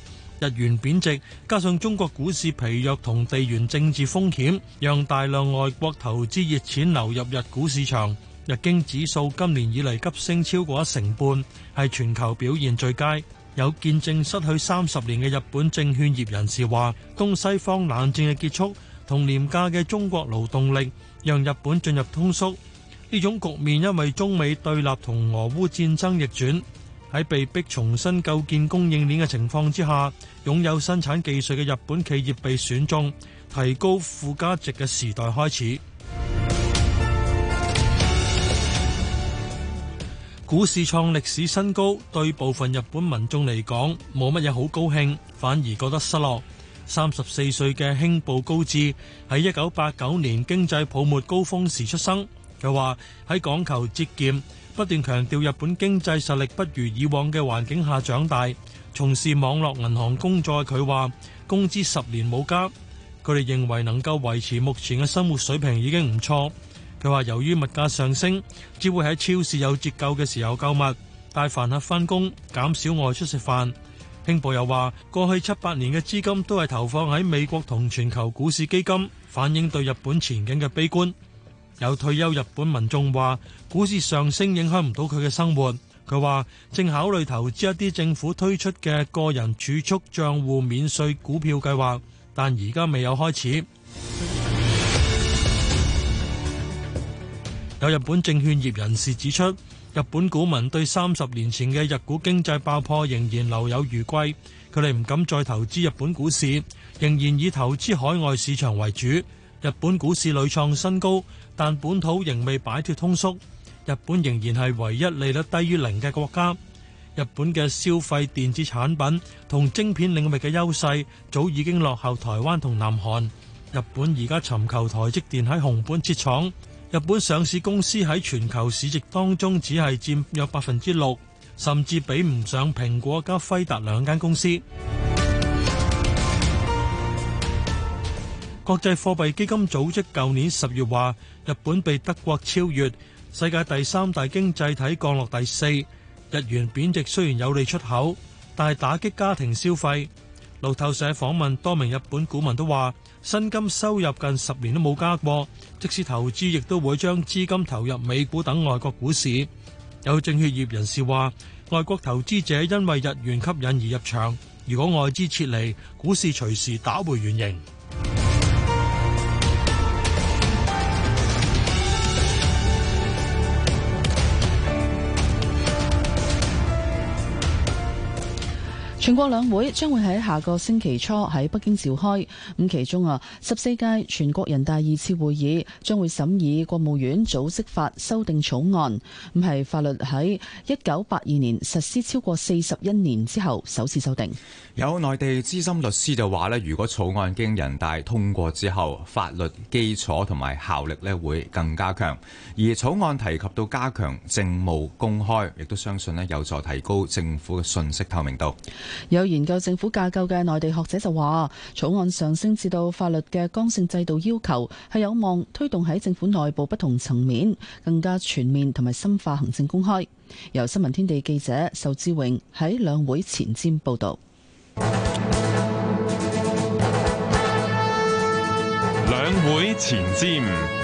日元貶值，加上中國股市疲弱同地緣政治風險，讓大量外國投資熱錢流入日股市場。日經指數今年以嚟急升超過一成半，係全球表現最佳。有見證失去三十年嘅日本證券業人士話，東西方冷戰嘅結束同廉價嘅中國勞動力，讓日本進入通縮。呢種局面因為中美對立同俄烏戰爭逆轉。喺被逼重新構建供應鏈嘅情況之下，擁有生產技術嘅日本企業被選中，提高附加值嘅時代開始。股市創歷史新高，對部分日本民眾嚟講冇乜嘢好高興，反而覺得失落。三十四歲嘅興部高志喺一九八九年經濟泡沫高峰時出生，佢話喺講求節儉。不斷強調日本經濟實力不如以往嘅環境下長大，從事網絡銀行工作嘅佢話，工資十年冇加。佢哋認為能夠維持目前嘅生活水平已經唔錯。佢話由於物價上升，只會喺超市有折扣嘅時候購物，帶飯盒返工，減少外出食飯。輕保又話，過去七八年嘅資金都係投放喺美國同全球股市基金，反映對日本前景嘅悲觀。有退休日本民眾話，股市上升影響唔到佢嘅生活。佢話，正考慮投資一啲政府推出嘅個人儲蓄賬戶免稅股票計劃，但而家未有開始。有日本證券業人士指出，日本股民對三十年前嘅日股經濟爆破仍然留有餘悸，佢哋唔敢再投資日本股市，仍然以投資海外市場為主，日本股市屢創新高, 但本土仍未擺脫通縮，日本仍然係唯一利率低於零嘅國家。日本嘅消費電子產品同晶片領域嘅優勢，早已經落後台灣同南韓。日本而家尋求台積電喺熊本設廠。日本上市公司喺全球市值當中只係佔約百分之六，甚至比唔上蘋果加輝達兩間公司。國際貨幣基金組織舊年十月話。日本被德國超越，世界第三大經濟體降落第四。日元貶值雖然有利出口，但係打擊家庭消費。路透社訪問多名日本股民都話，薪金收入近十年都冇加過，即使投資亦都會將資金投入美股等外國股市。有證券業人士話，外國投資者因為日元吸引而入場，如果外資撤離，股市隨時打回原形。全國兩會將會喺下個星期初喺北京召開，咁其中啊，十四屆全國人大二次會議將會審議國務院組織法修訂草案，咁係法律喺一九八二年實施超過四十一年之後首次修訂。有內地資深律師就話呢，如果草案經人大通過之後，法律基礎同埋效力呢，會更加強，而草案提及到加強政務公開，亦都相信呢，有助提高政府嘅信息透明度。有研究政府架構嘅內地學者就話，草案上升至到法律嘅剛性制度要求，係有望推動喺政府內部不同層面更加全面同埋深化行政公開。由新聞天地記者壽志榮喺兩會前瞻報道。兩會前瞻。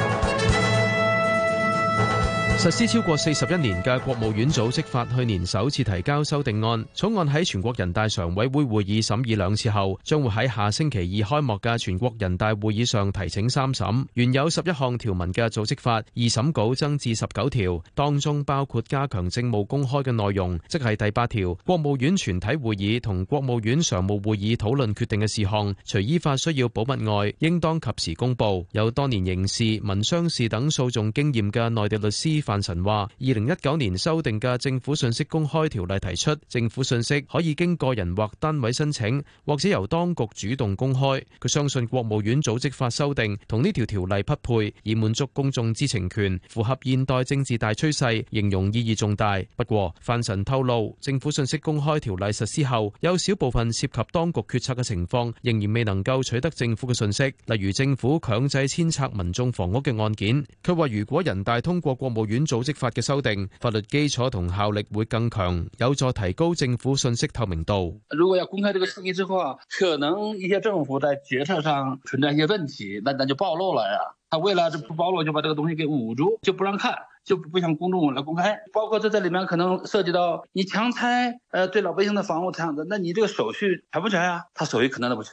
實施超過四十一年嘅國務院組織法去年首次提交修訂案，草案喺全國人大常委會會議審議兩次後，將會喺下星期二開幕嘅全國人大會議上提請三審。原有十一項條文嘅組織法二審稿增至十九條，當中包括加強政務公開嘅內容，即係第八條：國務院全體會議同國務院常務會議討論決定嘅事項，除依法需要保密外，應當及時公布。有多年刑事、民商事等訴訟經驗嘅內地律師。范臣話：二零一九年修訂嘅政府信息公開條例提出，政府信息可以經個人或單位申請，或者由當局主動公開。佢相信國務院組織法修訂同呢條條例匹配，以滿足公眾知情權，符合現代政治大趨勢，形容意義重大。不過，范臣透露，政府信息公開條例實施後，有少部分涉及當局決策嘅情況仍然未能夠取得政府嘅信息，例如政府強制遷拆民眾房屋嘅案件。佢話如果人大通過國務院。《組織法》嘅修訂，法律基礎同效力會更強，有助提高政府信息透明度。如果要公開這個信息之後啊，可能一些政府在決策上存在一些問題，那那就暴露了呀。他為了這不暴露，就把這個東西給捂住，就不讓看，就不向公眾來公開。包括這這裏面可能涉及到你強拆，呃，對老百姓的房屋、財產，那你這個手續還不全啊？他手續可能都不全。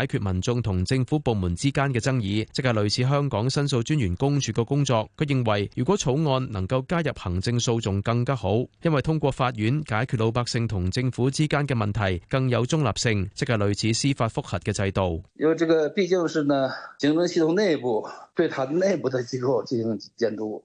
解決民眾同政府部門之間嘅爭議，即係類似香港申訴專員公署嘅工作。佢認為，如果草案能夠加入行政訴訟，更加好，因為通過法院解決老百姓同政府之間嘅問題，更有中立性，即係類似司法覆核嘅制度。因為這個畢竟是呢，行政系統內部對他內部的機構進行監督。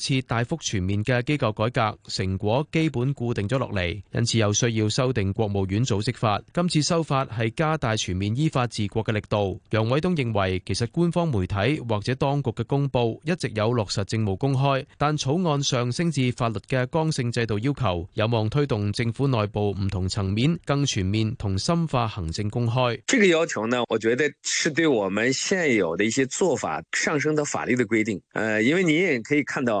次大幅全面嘅機構改革成果基本固定咗落嚟，因此又需要修訂《國務院組織法》。今次修法係加大全面依法治國嘅力度。楊偉東認為，其實官方媒體或者當局嘅公布一直有落實政務公開，但草案上升至法律嘅剛性制度要求，有望推動政府內部唔同層面更全面同深化行政公開。呢個要求呢，我覺得是對我們現有的一些做法上升到法律的規定。誒，因為你也可以看到。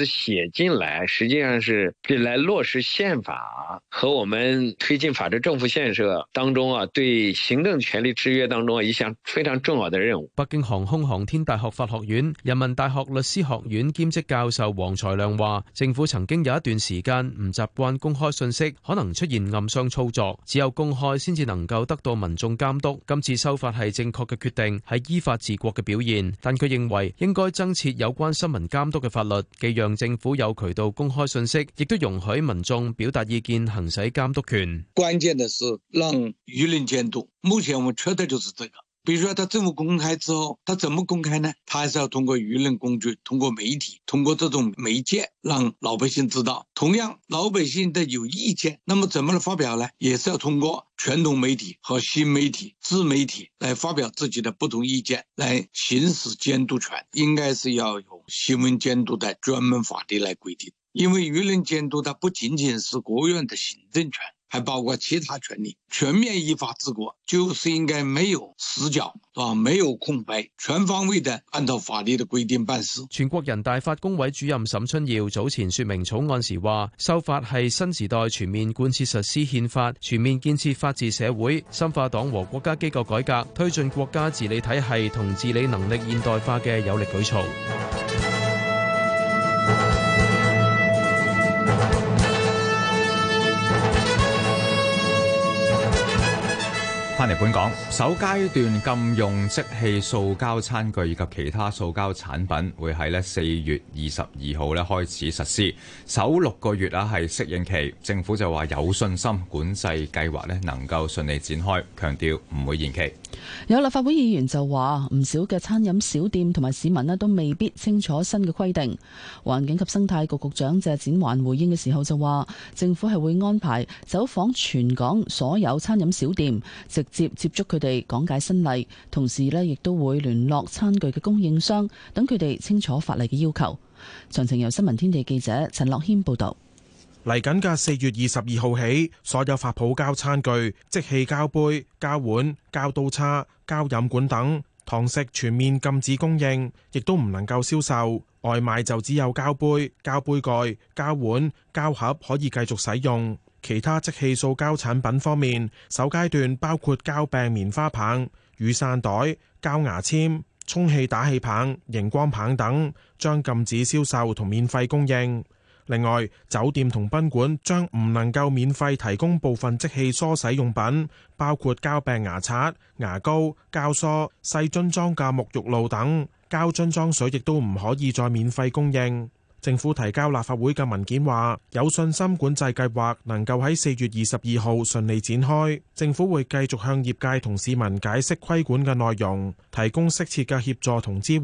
寫進來實際上是來落實憲法和我們推進法治政府建設當中啊，對行政權力制約當中一項非常重要的任務。北京航空航天大學法學院、人民大學律師學院兼職教授王才亮話：政府曾經有一段時間唔習慣公開信息，可能出現暗箱操作，只有公開先至能夠得到民眾監督。今次修法係正確嘅決定，係依法治國嘅表現。但佢認為應該增設有關新聞監督嘅法律，既讓政府有渠道公開信息，亦都容許民眾表達意見、行使監督權。關鍵的是讓輿論監督。目前我們缺的就是這個。比如說，他政府公開之後，他怎麼公開呢？他還是要通過輿論工具、通過媒體、通過這種媒介，讓老百姓知道。同樣，老百姓的有意見，那麼怎麼來發表呢？也是要通過傳統媒體和新媒體、自媒體來發表自己的不同意見，來行使監督權。應該是要。新聞監督的專門法律來規定，因為輿論監督它不僅僅是國務院的行政權，還包括其他權利。全面依法治國就是應該沒有死角，是沒有空白，全方位的按照法律的規定辦事。全國人大法工委主任沈春耀早前說明草案時話，修法係新時代全面貫徹實施憲法、全面建設法治社會、深化黨和國家機構改革、推進國家治理體係同治理能力現代化嘅有力舉措。翻嚟本港，首階段禁用即棄塑膠餐具以及其他塑膠產品，會喺咧四月二十二號咧開始實施。首六個月啊，係適應期。政府就話有信心管制計劃咧能夠順利展開，強調唔會延期。有立法會議員就話唔少嘅餐飲小店同埋市民咧都未必清楚新嘅規定。環境及生態局局長謝展環回應嘅時候就話，政府係會安排走訪全港所有餐飲小店，直。接接觸佢哋講解新例，同時咧亦都會聯絡餐具嘅供應商，等佢哋清楚法例嘅要求。詳情由新聞天地記者陳樂軒報道。嚟緊嘅四月二十二號起，所有發泡膠餐具、即棄膠杯、膠碗、膠刀叉、膠飲管等，堂食全面禁止供應，亦都唔能夠銷售。外賣就只有膠杯、膠杯蓋、膠碗、膠盒可以繼續使用。其他即棄塑膠產品方面，首階段包括膠柄棉花棒、雨傘袋、膠牙籤、充氣打氣棒、熒光棒等，將禁止銷售同免費供應。另外，酒店同賓館將唔能夠免費提供部分即棄梳洗用品，包括膠柄牙刷、牙膏、膠梳、細樽裝嘅沐浴露等，膠樽裝水亦都唔可以再免費供應。政府提交立法會嘅文件話，有信心管制計劃能夠喺四月二十二號順利展開。政府會繼續向業界同市民解釋規管嘅內容，提供適切嘅協助同支援。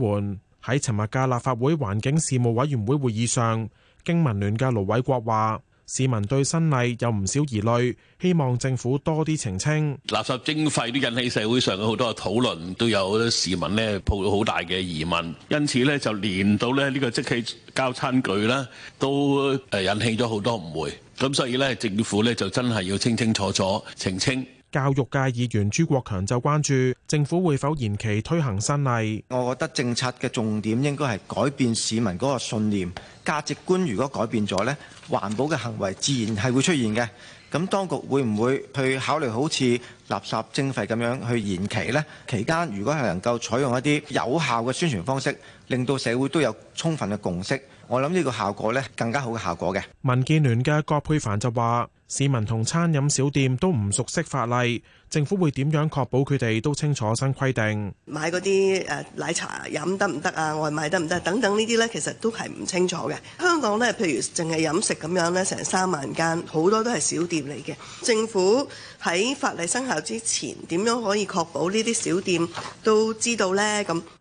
喺尋日嘅立法會環境事務委員會會議上，經民聯嘅盧偉國話。市民對新例有唔少疑慮，希望政府多啲澄清。垃圾徵費都引起社會上嘅好多討論，都有好多市民呢抱咗好大嘅疑問，因此呢，就連到呢呢個即棄膠餐具啦，都引起咗好多誤會。咁所以呢，政府呢就真係要清清楚楚澄清。教育界議員朱國強就關注政府會否延期推行新例。我覺得政策嘅重點應該係改變市民嗰個信念、價值觀。如果改變咗呢，環保嘅行為自然係會出現嘅。咁當局會唔會去考慮好似垃圾徵費咁樣去延期呢？期間如果係能夠採用一啲有效嘅宣傳方式，令到社會都有充分嘅共識，我諗呢個效果呢，更加好嘅效果嘅。民建聯嘅葛珮帆就話。市民同餐飲小店都唔熟悉法例，政府會點樣確保佢哋都清楚新規定？買嗰啲奶茶飲得唔得啊？外賣得唔得？等等呢啲呢，其實都係唔清楚嘅。香港呢，譬如淨係飲食咁樣呢，成三萬間，好多都係小店嚟嘅。政府喺法例生效之前，點樣可以確保呢啲小店都知道呢？咁？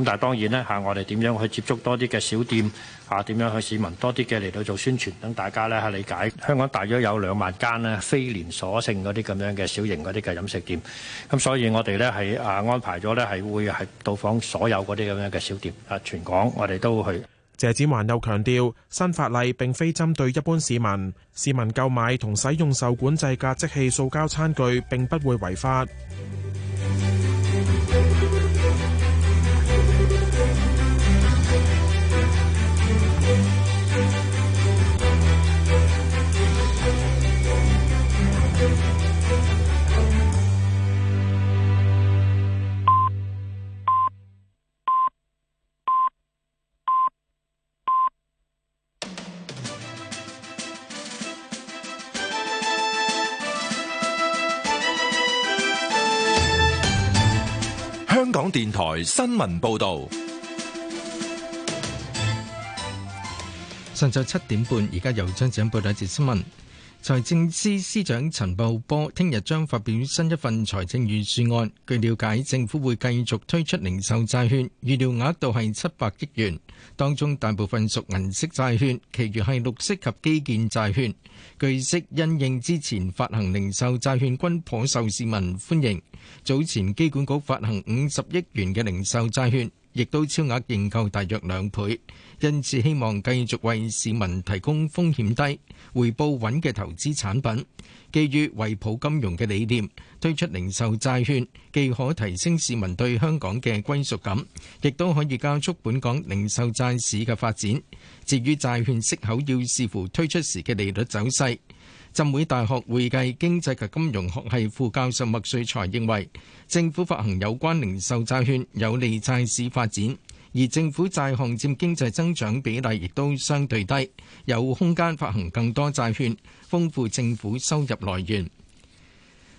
咁但係當然咧嚇，我哋點樣去接觸多啲嘅小店嚇？點樣去市民多啲嘅嚟到做宣傳，等大家咧嚇理解。香港大約有兩萬間咧非連鎖性嗰啲咁樣嘅小型嗰啲嘅飲食店。咁所以我哋咧係啊安排咗咧係會係到訪所有嗰啲咁樣嘅小店啊，全港我哋都去。謝展寰又強調，新法例並非針對一般市民，市民購買同使用受管制嘅即棄塑膠餐具並不會違法。台新聞報道，上晝七點半，而家由張子恩報道一節新聞。財政司司長陳茂波聽日將發表新一份財政預算案。據了解，政府會繼續推出零售債券，預料額度係七百億元，當中大部分屬銀色債券，其餘係綠色及基建債券。據悉，因應之前發行零售債券均頗受市民歡迎。早前機管局發行五十億元嘅零售債券。亦都超額認購大約兩倍，因此希望繼續為市民提供風險低、回報穩嘅投資產品。基於惠普金融嘅理念，推出零售債券，既可提升市民對香港嘅歸屬感，亦都可以加速本港零售債市嘅發展。至於債券息口，要視乎推出時嘅利率走勢。浸會大學會計經濟及金融學系副教授麥萃才認為。政府發行有關零售債券，有利債市發展，而政府債項佔經濟增長比例亦都相對低，有空間發行更多債券，豐富政府收入來源。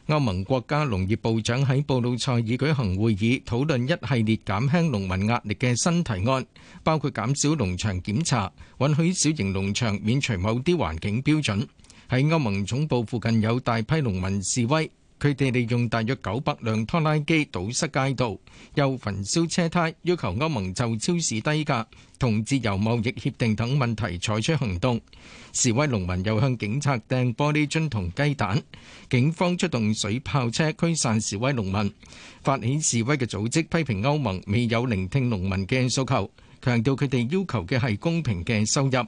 歐盟國家農業部長喺布魯塞爾舉行會議，討論一系列減輕農民壓力嘅新提案，包括減少農場檢查、允許小型農場免除某啲環境標準。喺歐盟總部附近有大批農民示威。佢哋利用大約九百輛拖拉機堵塞街道，又焚燒車胎，要求歐盟就超市低價同自由貿易協定等問題採取行動。示威農民又向警察掟玻璃樽同雞蛋，警方出動水炮車驅散示威農民。發起示威嘅組織批評歐盟未有聆聽農民嘅訴求，強調佢哋要求嘅係公平嘅收入。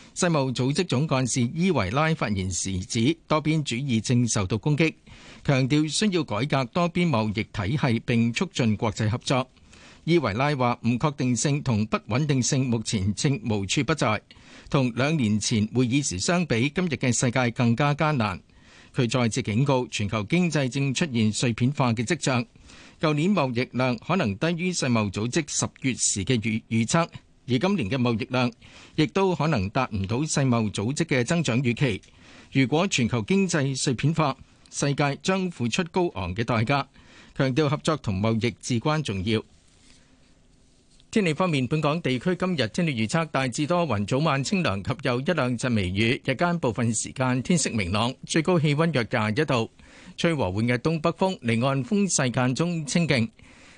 世貿組織總幹事伊維拉發言時指，多邊主義正受到攻擊，強調需要改革多邊貿易體系並促進國際合作。伊維拉話：唔確定性同不穩定性目前正無處不在。同兩年前會議時相比，今日嘅世界更加艱難。佢再次警告，全球經濟正出現碎片化嘅跡象。舊年貿易量可能低於世貿組織十月時嘅預測。而今年嘅貿易量亦都可能達唔到世貿組織嘅增長預期。如果全球經濟碎片化，世界將付出高昂嘅代價。強調合作同貿易至關重要。天氣方面，本港地區今日天氣預測大致多雲，早晚清涼及有一兩陣微雨，日間部分時間天色明朗，最高氣温約廿一度。吹和緩嘅東北風，離岸風勢間中清勁。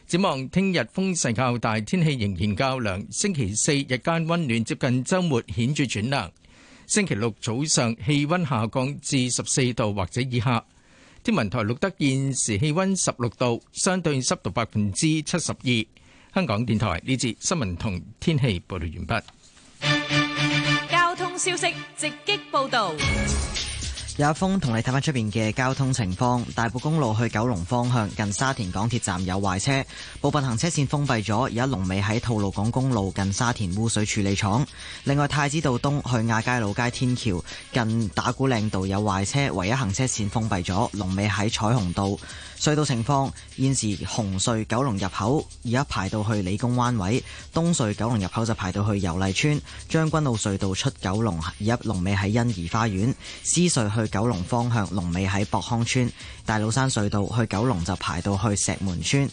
展望聽日風勢較大，天氣仍然較涼。星期四日間溫暖，接近周末顯著轉冷。星期六早上氣温下降至十四度或者以下。天文台錄得現時氣温十六度，相對濕度百分之七十二。香港電台呢節新聞同天氣報道完畢。交通消息直擊報導。有一封同你睇翻出邊嘅交通情況，大埔公路去九龍方向近沙田港鐵站有壞車，部分行車綫封閉咗；而家龍尾喺吐露港公路近沙田污水處理廠。另外，太子道東去亞皆老街天橋近打鼓嶺道有壞車，唯一行車綫封閉咗，龍尾喺彩虹道隧道情況，現時紅隧九龍入口而家排到去理工灣位，東隧九龍入口就排到去油麗村將軍澳隧道出九龍而家龍尾喺欣怡花園，獅隧去。去九龍方向，龍尾喺博康村；大老山隧道去九龍就排到去石門村。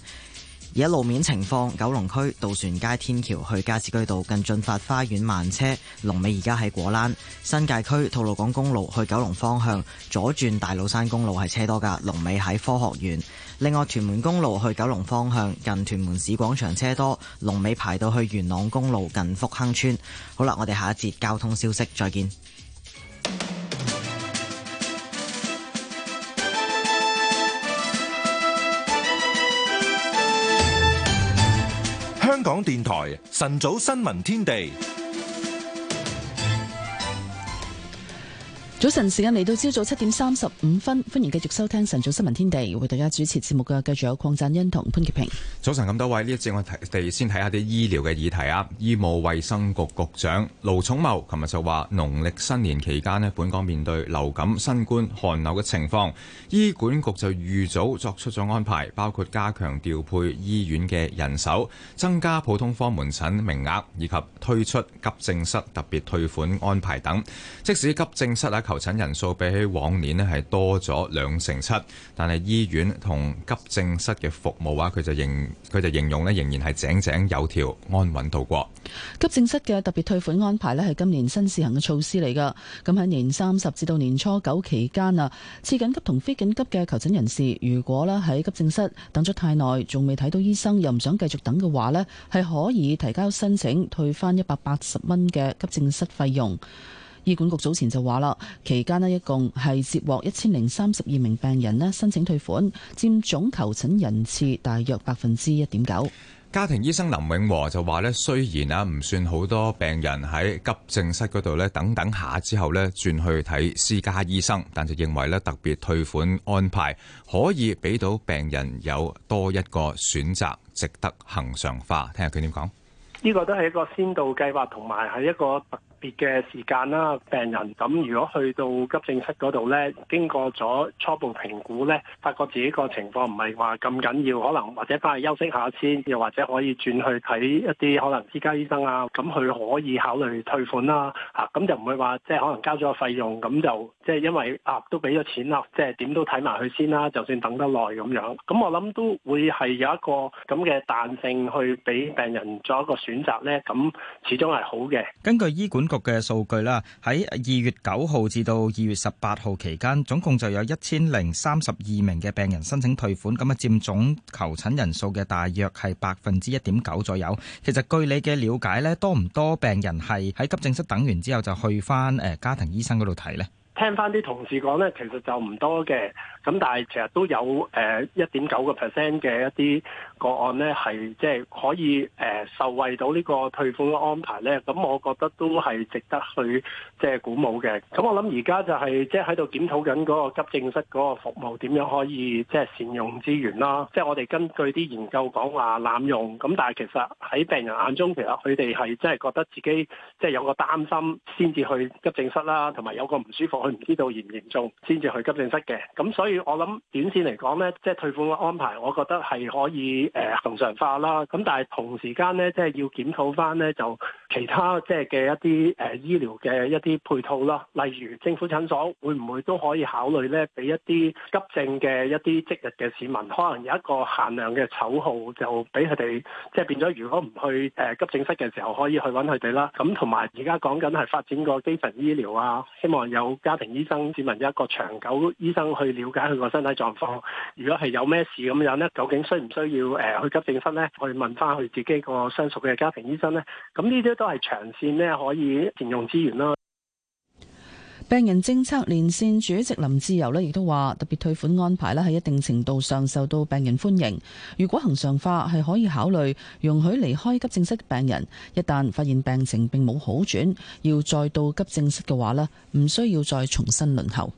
而路面情況，九龍區渡船街天橋去加士居道近駿發花園慢車，龍尾而家喺果欄；新界區吐露港公路去九龍方向左轉大老山公路係車多噶，龍尾喺科學園。另外屯門公路去九龍方向近屯門市廣場車多，龍尾排到去元朗公路近福亨村。好啦，我哋下一節交通消息再見。電台晨早新聞天地。早晨，時間嚟到朝早七點三十五分，歡迎繼續收聽晨早新聞天地，為大家主持節目嘅繼續有鄺贊恩同潘潔平。早晨咁多位，呢一節我哋先睇下啲醫療嘅議題啊。醫務衛生局局長盧寵茂琴日就話，農曆新年期間呢，本港面對流感、新冠、寒流嘅情況，醫管局就預早作出咗安排，包括加強調配醫院嘅人手，增加普通科門診名額，以及推出急症室特別退款安排等。即使急症室求診人數比起往年咧係多咗兩成七，但係醫院同急症室嘅服務，話佢就形佢就形容咧仍然係井井有條，安穩度過。急症室嘅特別退款安排咧係今年新試行嘅措施嚟㗎，咁喺年三十至到年初九期間啊，次緊急同非緊急嘅求診人士，如果咧喺急症室等咗太耐，仲未睇到醫生又唔想繼續等嘅話咧，係可以提交申請退翻一百八十蚊嘅急症室費用。醫管局早前就話啦，期間咧一共係接獲一千零三十二名病人咧申請退款，佔總求診人次大約百分之一點九。家庭醫生林永和就話咧，雖然啊唔算好多病人喺急症室嗰度咧等等下之後咧轉去睇私家醫生，但就認為咧特別退款安排可以俾到病人有多一個選擇，值得恒常化。聽下佢點講？呢個都係一個先導計劃，同埋係一個。別嘅時間啦，病人咁如果去到急症室嗰度咧，經過咗初步評估咧，發覺自己個情況唔係話咁緊要，可能或者翻去休息下先，又或者可以轉去睇一啲可能私家醫生啊，咁佢可以考慮退款啦，吓咁就唔會話即係可能交咗費用咁就即係因為啊都俾咗錢啦，即係點都睇埋佢先啦，就算等得耐咁樣，咁我諗都會係有一個咁嘅彈性去俾病人作一個選擇咧，咁始終係好嘅。根據醫管。局嘅數據啦，喺二月九號至到二月十八號期間，總共就有一千零三十二名嘅病人申請退款，咁啊占總求診人數嘅大約係百分之一點九左右。其實據你嘅了解呢，多唔多病人係喺急症室等完之後就去翻誒家庭醫生嗰度睇呢？聽翻啲同事講呢，其實就唔多嘅。咁但係其實都有誒一點九個 percent 嘅一啲個案咧，係即係可以誒受惠到呢個退款嘅安排咧。咁我覺得都係值得去即係鼓舞嘅。咁我諗而家就係即係喺度檢討緊嗰個急症室嗰個服務點樣可以即係善用資源啦。即係我哋根據啲研究講話濫用，咁但係其實喺病人眼中其實佢哋係即係覺得自己即係有個擔心先至去急症室啦，同埋有個唔舒服佢唔知道嚴唔嚴重先至去急症室嘅。咁所以所以我諗短線嚟講咧，即係退款嘅安排，我覺得係可以誒恒常化啦。咁但係同時間咧，即係要檢討翻咧，就其他即係嘅一啲誒醫療嘅一啲配套啦。例如政府診所會唔會都可以考慮咧，俾一啲急症嘅一啲即日嘅市民，可能有一個限量嘅丑號就俾佢哋即係變咗。如果唔去誒急症室嘅時候，可以去搵佢哋啦。咁同埋而家講緊係發展個基層醫療啊，希望有家庭醫生市民有一個長久醫生去了解。睇佢個身體狀況，如果係有咩事咁樣呢，究竟需唔需要誒去急症室呢？我哋問翻佢自己個相熟嘅家庭醫生呢。咁呢啲都係長線咧，可以善用資源咯。病人政策連線主席林志由呢，亦都話特別退款安排呢喺一定程度上受到病人歡迎。如果恒常化係可以考慮，容許離開急症室嘅病人，一旦發現病情並冇好轉，要再到急症室嘅話呢，唔需要再重新輪候。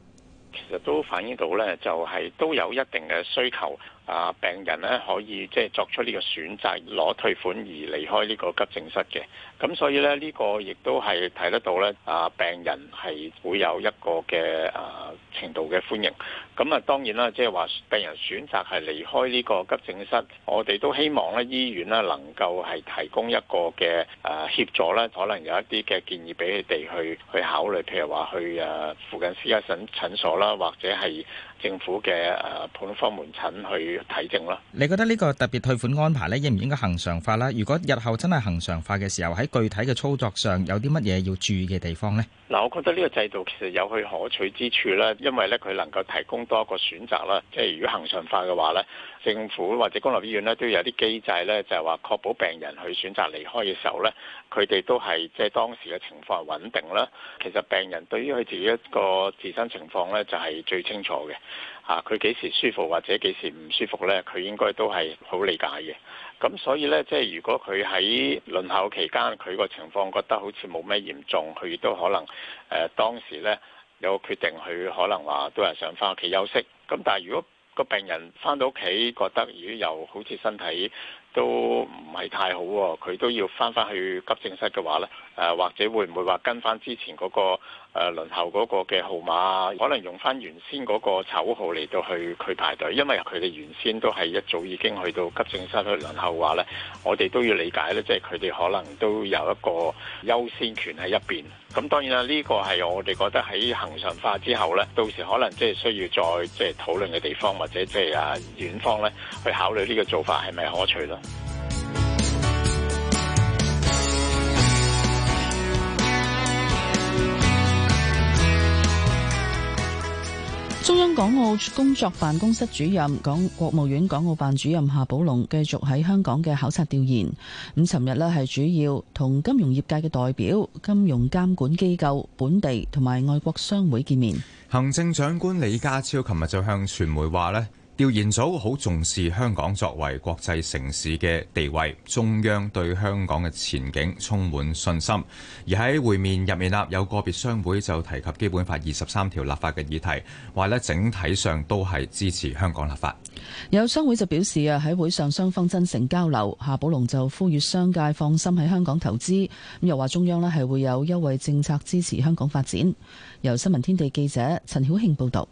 其實都反映到咧，就係都有一定嘅需求，啊病人咧可以即係作出呢個選擇，攞退款而離開呢個急症室嘅。咁所以咧，呢、呢個亦都係睇得到咧，啊病人係會有一個嘅啊程度嘅歡迎。咁啊，當然啦，即係話病人選擇係離開呢個急症室，我哋都希望咧，醫院咧能夠係提供一個嘅啊協助啦，可能有一啲嘅建議俾你哋去去考慮，譬如話去啊附近私家診診所啦，或者係政府嘅啊普通科門診去睇症啦。你覺得呢個特別退款安排咧，應唔應該恆常化啦？如果日後真係恆常化嘅時候，喺具體嘅操作上有啲乜嘢要注意嘅地方呢？嗱，我覺得呢個制度其實有佢可取之處啦，因為咧佢能夠提供多一個選擇啦。即係如果恆常化嘅話咧，政府或者公立醫院咧都有啲機制咧，就係話確保病人去選擇離開嘅時候咧，佢哋都係即係當時嘅情況係穩定啦。其實病人對於佢自己一個自身情況咧就係最清楚嘅。啊，佢幾時舒服或者幾時唔舒服咧，佢應該都係好理解嘅。咁所以呢，即係如果佢喺輪候期間，佢個情況覺得好似冇咩嚴重，佢亦都可能誒、呃、當時呢有決定，佢可能話都係想翻屋企休息。咁但係如果個病人翻到屋企覺得咦又好似身體都唔係太好，佢都要翻返去急症室嘅話呢，誒、呃、或者會唔會話跟翻之前嗰、嗰個？誒、呃、輪候嗰個嘅號碼，可能用翻原先嗰個籌號嚟到去佢排隊，因為佢哋原先都係一早已經去到急症室去輪候話，呢，我哋都要理解呢，即係佢哋可能都有一個優先權喺一邊。咁當然啦，呢、這個係我哋覺得喺恒常化之後呢，到時可能即係需要再即係、就是、討論嘅地方，或者即係啊院方呢去考慮呢個做法係咪可取囉。港澳工作辦公室主任、港國務院港澳辦主任夏寶龍繼續喺香港嘅考察調研。咁，尋日咧係主要同金融業界嘅代表、金融監管機構、本地同埋外國商會見面。行政長官李家超琴日就向傳媒話咧調研組好重視香港作為國際城市嘅地位，中央對香港嘅前景充滿信心。而喺會面入面啊，有個別商會就提及《基本法》二十三條立法嘅議題，話咧整體上都係支持香港立法。有商會就表示啊，喺會上雙方真誠交流，夏寶龍就呼籲商界放心喺香港投資，咁又話中央咧，係會有優惠政策支持香港發展。由新聞天地記者陳曉慶報道。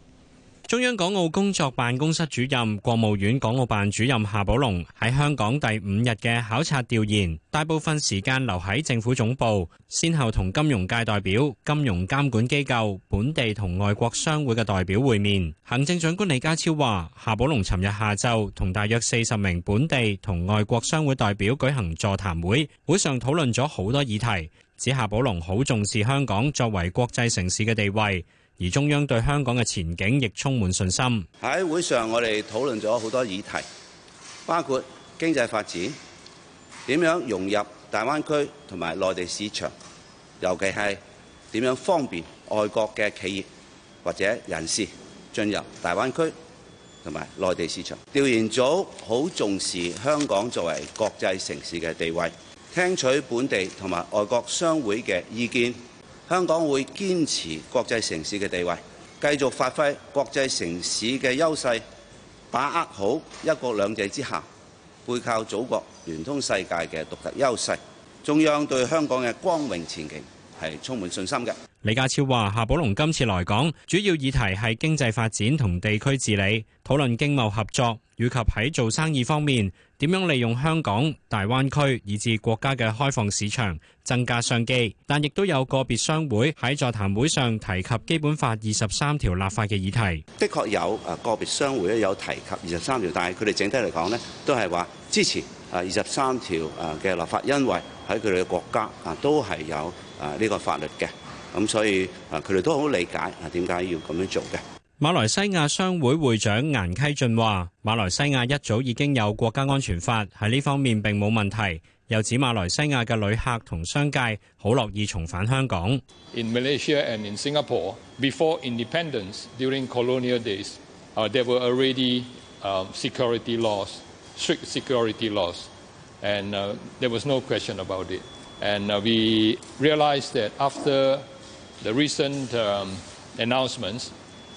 中央港澳工作辦公室主任、國務院港澳辦主任夏寶龍喺香港第五日嘅考察調研，大部分時間留喺政府總部，先後同金融界代表、金融監管機構、本地同外國商會嘅代表會面。行政長官李家超話，夏寶龍尋日下晝同大約四十名本地同外國商會代表舉行座談會，會上討論咗好多議題，指夏寶龍好重視香港作為國際城市嘅地位。5 40而中央對香港嘅前景亦充滿信心。喺會上，我哋討論咗好多議題，包括經濟發展、點樣融入大灣區同埋內地市場，尤其係點樣方便外國嘅企業或者人士進入大灣區同埋內地市場。調研組好重視香港作為國際城市嘅地位，聽取本地同埋外國商會嘅意見。香港會堅持國際城市嘅地位，繼續發揮國際城市嘅優勢，把握好一國兩制之下背靠祖國、聯通世界嘅獨特優勢。中央對香港嘅光榮前景係充滿信心嘅。李家超話：夏寶龍今次來港，主要議題係經濟發展同地區治理，討論經貿合作以及喺做生意方面。點樣利用香港、大灣區以至國家嘅開放市場，增加商機？但亦都有個別商會喺座談會上提及《基本法》二十三條立法嘅議題。的確有啊，個別商會咧有提及二十三條，但係佢哋整體嚟講呢，都係話支持啊二十三條啊嘅立法，因為喺佢哋嘅國家啊都係有啊呢個法律嘅，咁所以啊佢哋都好理解啊點解要咁樣做嘅。馬來西亞商會會長顏溪俊話，馬來西亞一早已經有國家安全法，喺呢方面並冇問題。又指馬來西亞嘅旅客同商界好樂意重返香港。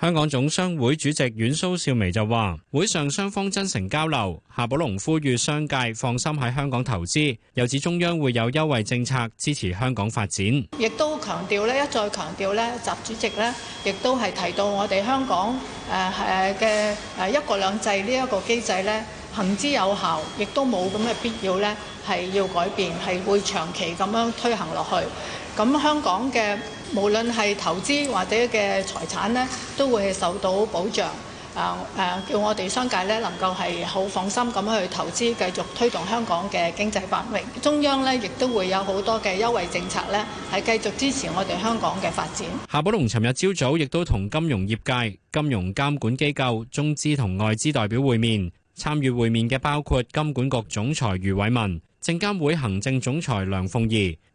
香港總商會主席阮蘇少湄就話：會上雙方真誠交流，夏寶龍呼籲商界放心喺香港投資，又指中央會有優惠政策支持香港發展。亦都強調咧，一再強調咧，習主席咧，亦都係提到我哋香港誒嘅誒一國兩制呢一個機制咧，行之有效，亦都冇咁嘅必要咧係要改變，係會長期咁樣推行落去。咁香港嘅。無論係投資或者嘅財產呢，都會受到保障。誒叫我哋商界呢，能夠係好放心咁去投資，繼續推動香港嘅經濟繁榮。中央呢，亦都會有好多嘅優惠政策呢，係繼續支持我哋香港嘅發展。夏寶龍尋日朝早亦都同金融業界、金融監管機構、中資同外資代表會面。參與會面嘅包括金管局總裁余偉文、證監會行政總裁梁鳳儀。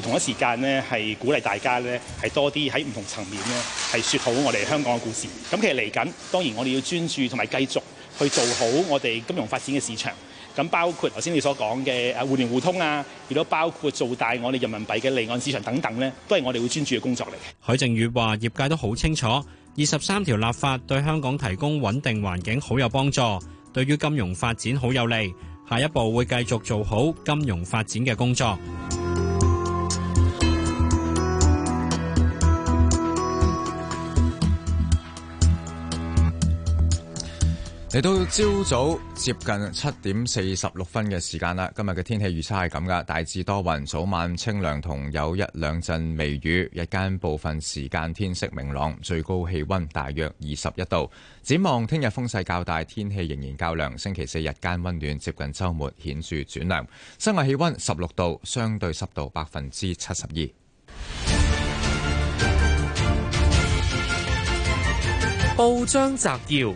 同一時間，呢係鼓勵大家，呢係多啲喺唔同層面，呢係説好我哋香港嘅故事。咁其實嚟緊，當然我哋要專注同埋繼續去做好我哋金融發展嘅市場。咁包括頭先你所講嘅誒互聯互通啊，亦都包括做大我哋人民幣嘅離岸市場等等，呢都係我哋會專注嘅工作嚟嘅。許正宇話：業界都好清楚，《二十三條》立法對香港提供穩定環境好有幫助，對於金融發展好有利。下一步會繼續做好金融發展嘅工作。嚟到朝早接近七點四十六分嘅時間啦，今日嘅天氣預測係咁噶，大致多雲，早晚清涼同有一兩陣微雨，日間部分時間天色明朗，最高氣溫大約二十一度。展望聽日風勢較大，天氣仍然較涼。星期四日間溫暖，接近周末顯著轉涼。室外氣溫十六度，相對濕度百分之七十二。報章摘要。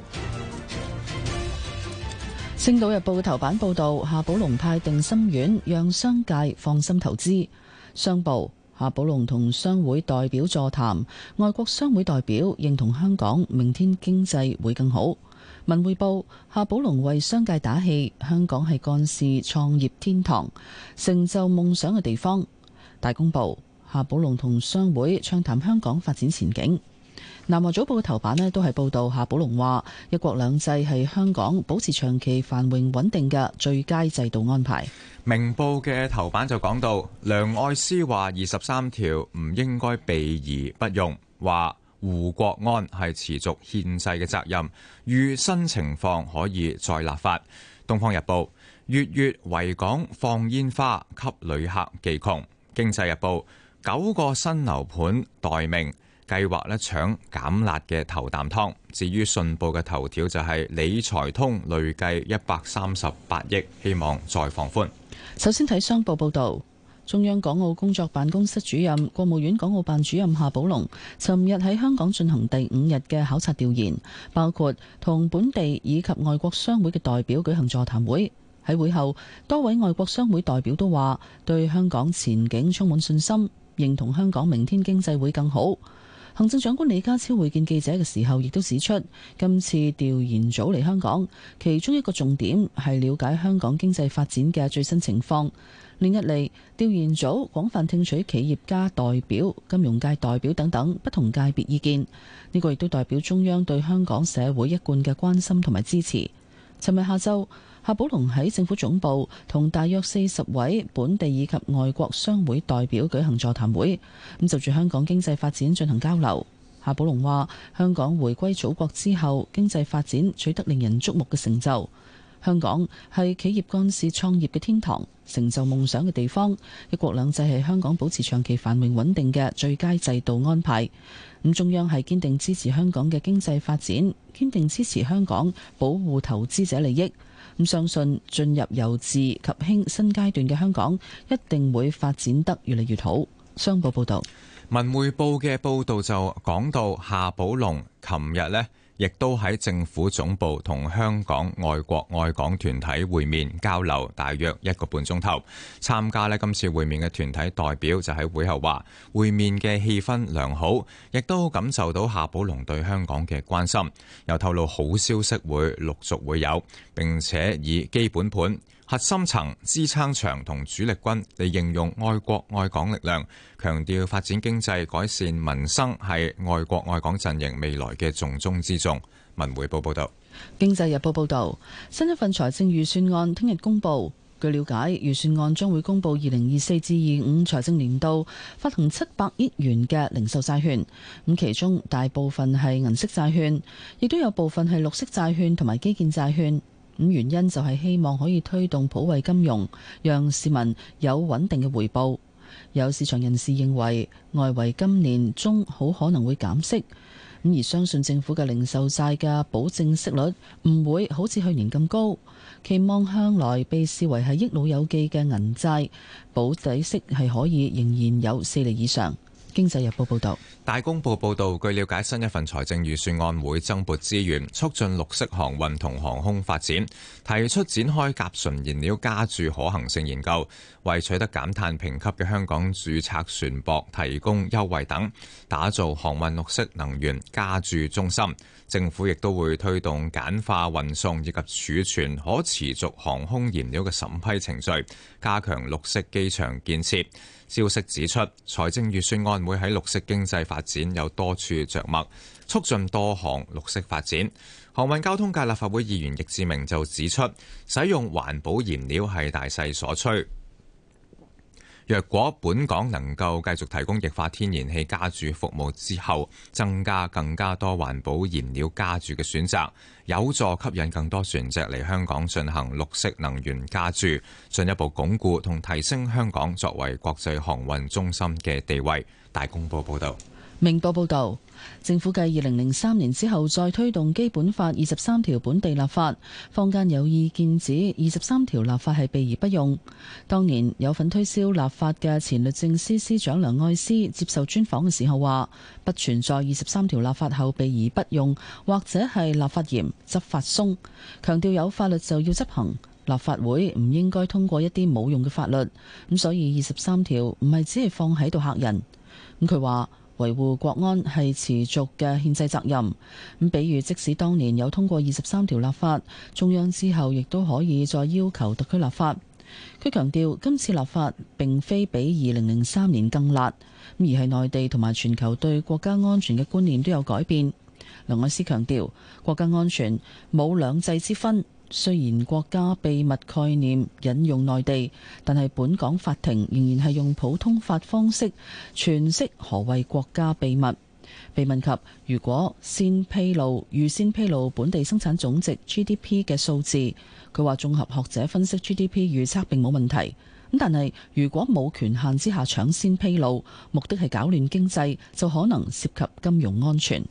《星島日報》嘅頭版報道：夏寶龍派定心丸，讓商界放心投資。商報：夏寶龍同商會代表座談，外國商會代表認同香港明天經濟會更好。文匯報：夏寶龍為商界打氣，香港係幹事創業天堂，成就夢想嘅地方。大公報：夏寶龍同商會暢談香港發展前景。南華早報嘅頭版呢都係報道，夏寶龍話一國兩制係香港保持長期繁榮穩定嘅最佳制度安排。明報嘅頭版就講到梁愛詩話二十三條唔應該避而不用，話護國安係持續憲制嘅責任，遇新情況可以再立法。東方日報，月月維港放煙花，給旅客寄窮。經濟日報，九個新樓盤待命。計劃呢搶減辣嘅頭啖湯。至於信報嘅頭條就係理財通累計一百三十八億，希望再放寬。首先睇商報報道，中央港澳工作辦公室主任、國務院港澳辦主任夏寶龍尋日喺香港進行第五日嘅考察調研，包括同本地以及外國商會嘅代表舉行座談會。喺會後，多位外國商會代表都話對香港前景充滿信心，認同香港明天經濟會更好。行政長官李家超會見記者嘅時候，亦都指出，今次調研組嚟香港，其中一個重點係了解香港經濟發展嘅最新情況。另一嚟，調研組廣泛聽取企業家代表、金融界代表等等不同界別意見，呢個亦都代表中央對香港社會一貫嘅關心同埋支持。尋日下晝。夏寶龍喺政府總部同大約四十位本地以及外國商會代表舉行座談會，咁就住香港經濟發展進行交流。夏寶龍話：香港回歸祖國之後，經濟發展取得令人矚目嘅成就。香港係企業幹事創業嘅天堂，成就夢想嘅地方。一國兩制係香港保持長期繁榮穩定嘅最佳制度安排。咁中央係堅定支持香港嘅經濟發展，堅定支持香港保護投資者利益。咁相信進入由治及興新階段嘅香港，一定會發展得越嚟越好。商報報導，文匯報嘅報導就講到夏寶龍琴日呢。亦都喺政府總部同香港外國外港團體會面交流，大約一個半鐘頭。參加咗今次會面嘅團體代表就喺會後話，會面嘅氣氛良好，亦都感受到夏寶龍對香港嘅關心。又透露好消息會陸續會有，並且以基本盤、核心層、支撐牆同主力軍嚟形容愛國愛港力量，強調發展經濟、改善民生係愛國愛港陣營未來嘅重中之重。文匯報報導，《經濟日報》報導，新一份財政預算案聽日公布。據了解，預算案將會公布二零二四至二五財政年度發行七百億元嘅零售債券，咁其中大部分係銀色債券，亦都有部分係綠色債券同埋基建債券。咁原因就係希望可以推動普惠金融，讓市民有穩定嘅回報。有市場人士認為，外圍今年中好可能會減息，咁而相信政府嘅零售債嘅保證息率唔會好似去年咁高。期望向來被視為係益老友記嘅銀債保底息係可以仍然有四厘以上。經濟日報報道，大公報報道，據了解，新一份財政預算案會增撥資源，促進綠色航運同航空發展，提出展開甲醇燃料加注可行性研究，為取得減碳評級嘅香港註冊船舶提供優惠等，打造航運綠色能源加注中心。政府亦都會推動簡化運送以及儲存可持續航空燃料嘅審批程序，加強綠色機場建設。消息指出，財政預算案會喺綠色經濟發展有多處着墨，促進多項綠色發展。航運交通界立法會議員易志明就指出，使用環保燃料係大勢所趨。若果本港能夠繼續提供液化天然氣加注服務之後，增加更加多環保燃料加注嘅選擇，有助吸引更多船隻嚟香港進行綠色能源加注，進一步鞏固同提升香港作為國際航運中心嘅地位。大公報報道。明報報道，政府繼二零零三年之後，再推動《基本法》二十三條本地立法，坊間有意見指二十三條立法係避而不用。當年有份推銷立法嘅前律政司司長梁愛詩接受專訪嘅時候話，不存在二十三條立法後避而不用或者係立法嚴執法鬆，強調有法律就要執行，立法會唔應該通過一啲冇用嘅法律。咁所以二十三條唔係只係放喺度嚇人。咁佢話。維護國安係持續嘅憲制責任，咁比如即使當年有通過二十三條立法，中央之後亦都可以再要求特區立法。佢強調今次立法並非比二零零三年更辣，而係內地同埋全球對國家安全嘅觀念都有改變。梁愛詩強調國家安全冇兩制之分。雖然國家秘密概念引用內地，但係本港法庭仍然係用普通法方式詮釋何謂國家秘密。被問及如果先披露，預先披露本地生產總值 GDP 嘅數字，佢話綜合學者分析 GDP 預測並冇問題。咁但係如果冇權限之下搶先披露，目的係搞亂經濟，就可能涉及金融安全。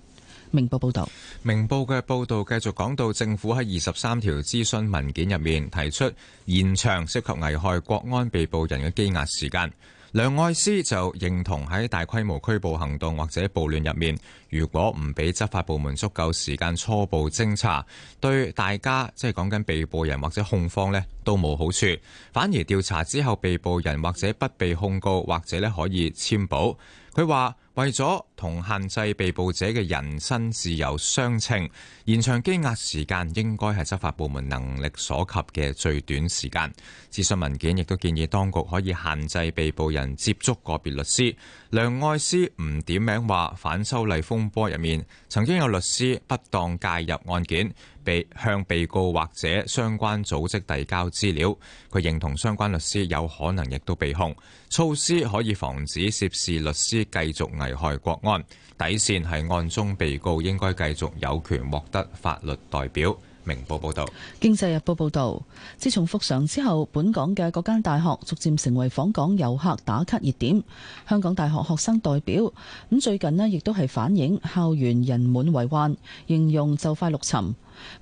明報報道，明報嘅報道繼續講到，政府喺二十三條諮詢文件入面提出延長涉及危害國安被捕人嘅羈押時間。梁愛詩就認同喺大規模拘捕行動或者暴亂入面，如果唔俾執法部門足夠時間初步偵查，對大家即係講緊被捕人或者控方呢都冇好處，反而調查之後被捕人或者不被控告或者呢可以簽保。佢話。為咗同限制被捕者嘅人身自由相稱，延長羈押時間應該係執法部門能力所及嘅最短時間。諮詢文件亦都建議當局可以限制被捕人接觸個別律師。梁愛詩唔點名話反修例風波入面，曾經有律師不當介入案件。被向被告或者相關組織遞交資料，佢認同相關律師有可能亦都被控措施，可以防止涉事律師繼續危害國安底線係案中被告應該繼續有權獲得法律代表。明報報道，經濟日報報道，自從復常之後，本港嘅嗰間大學逐漸成為訪港遊客打卡熱點。香港大學學生代表咁最近呢亦都係反映校園人滿為患，形容就快六沉。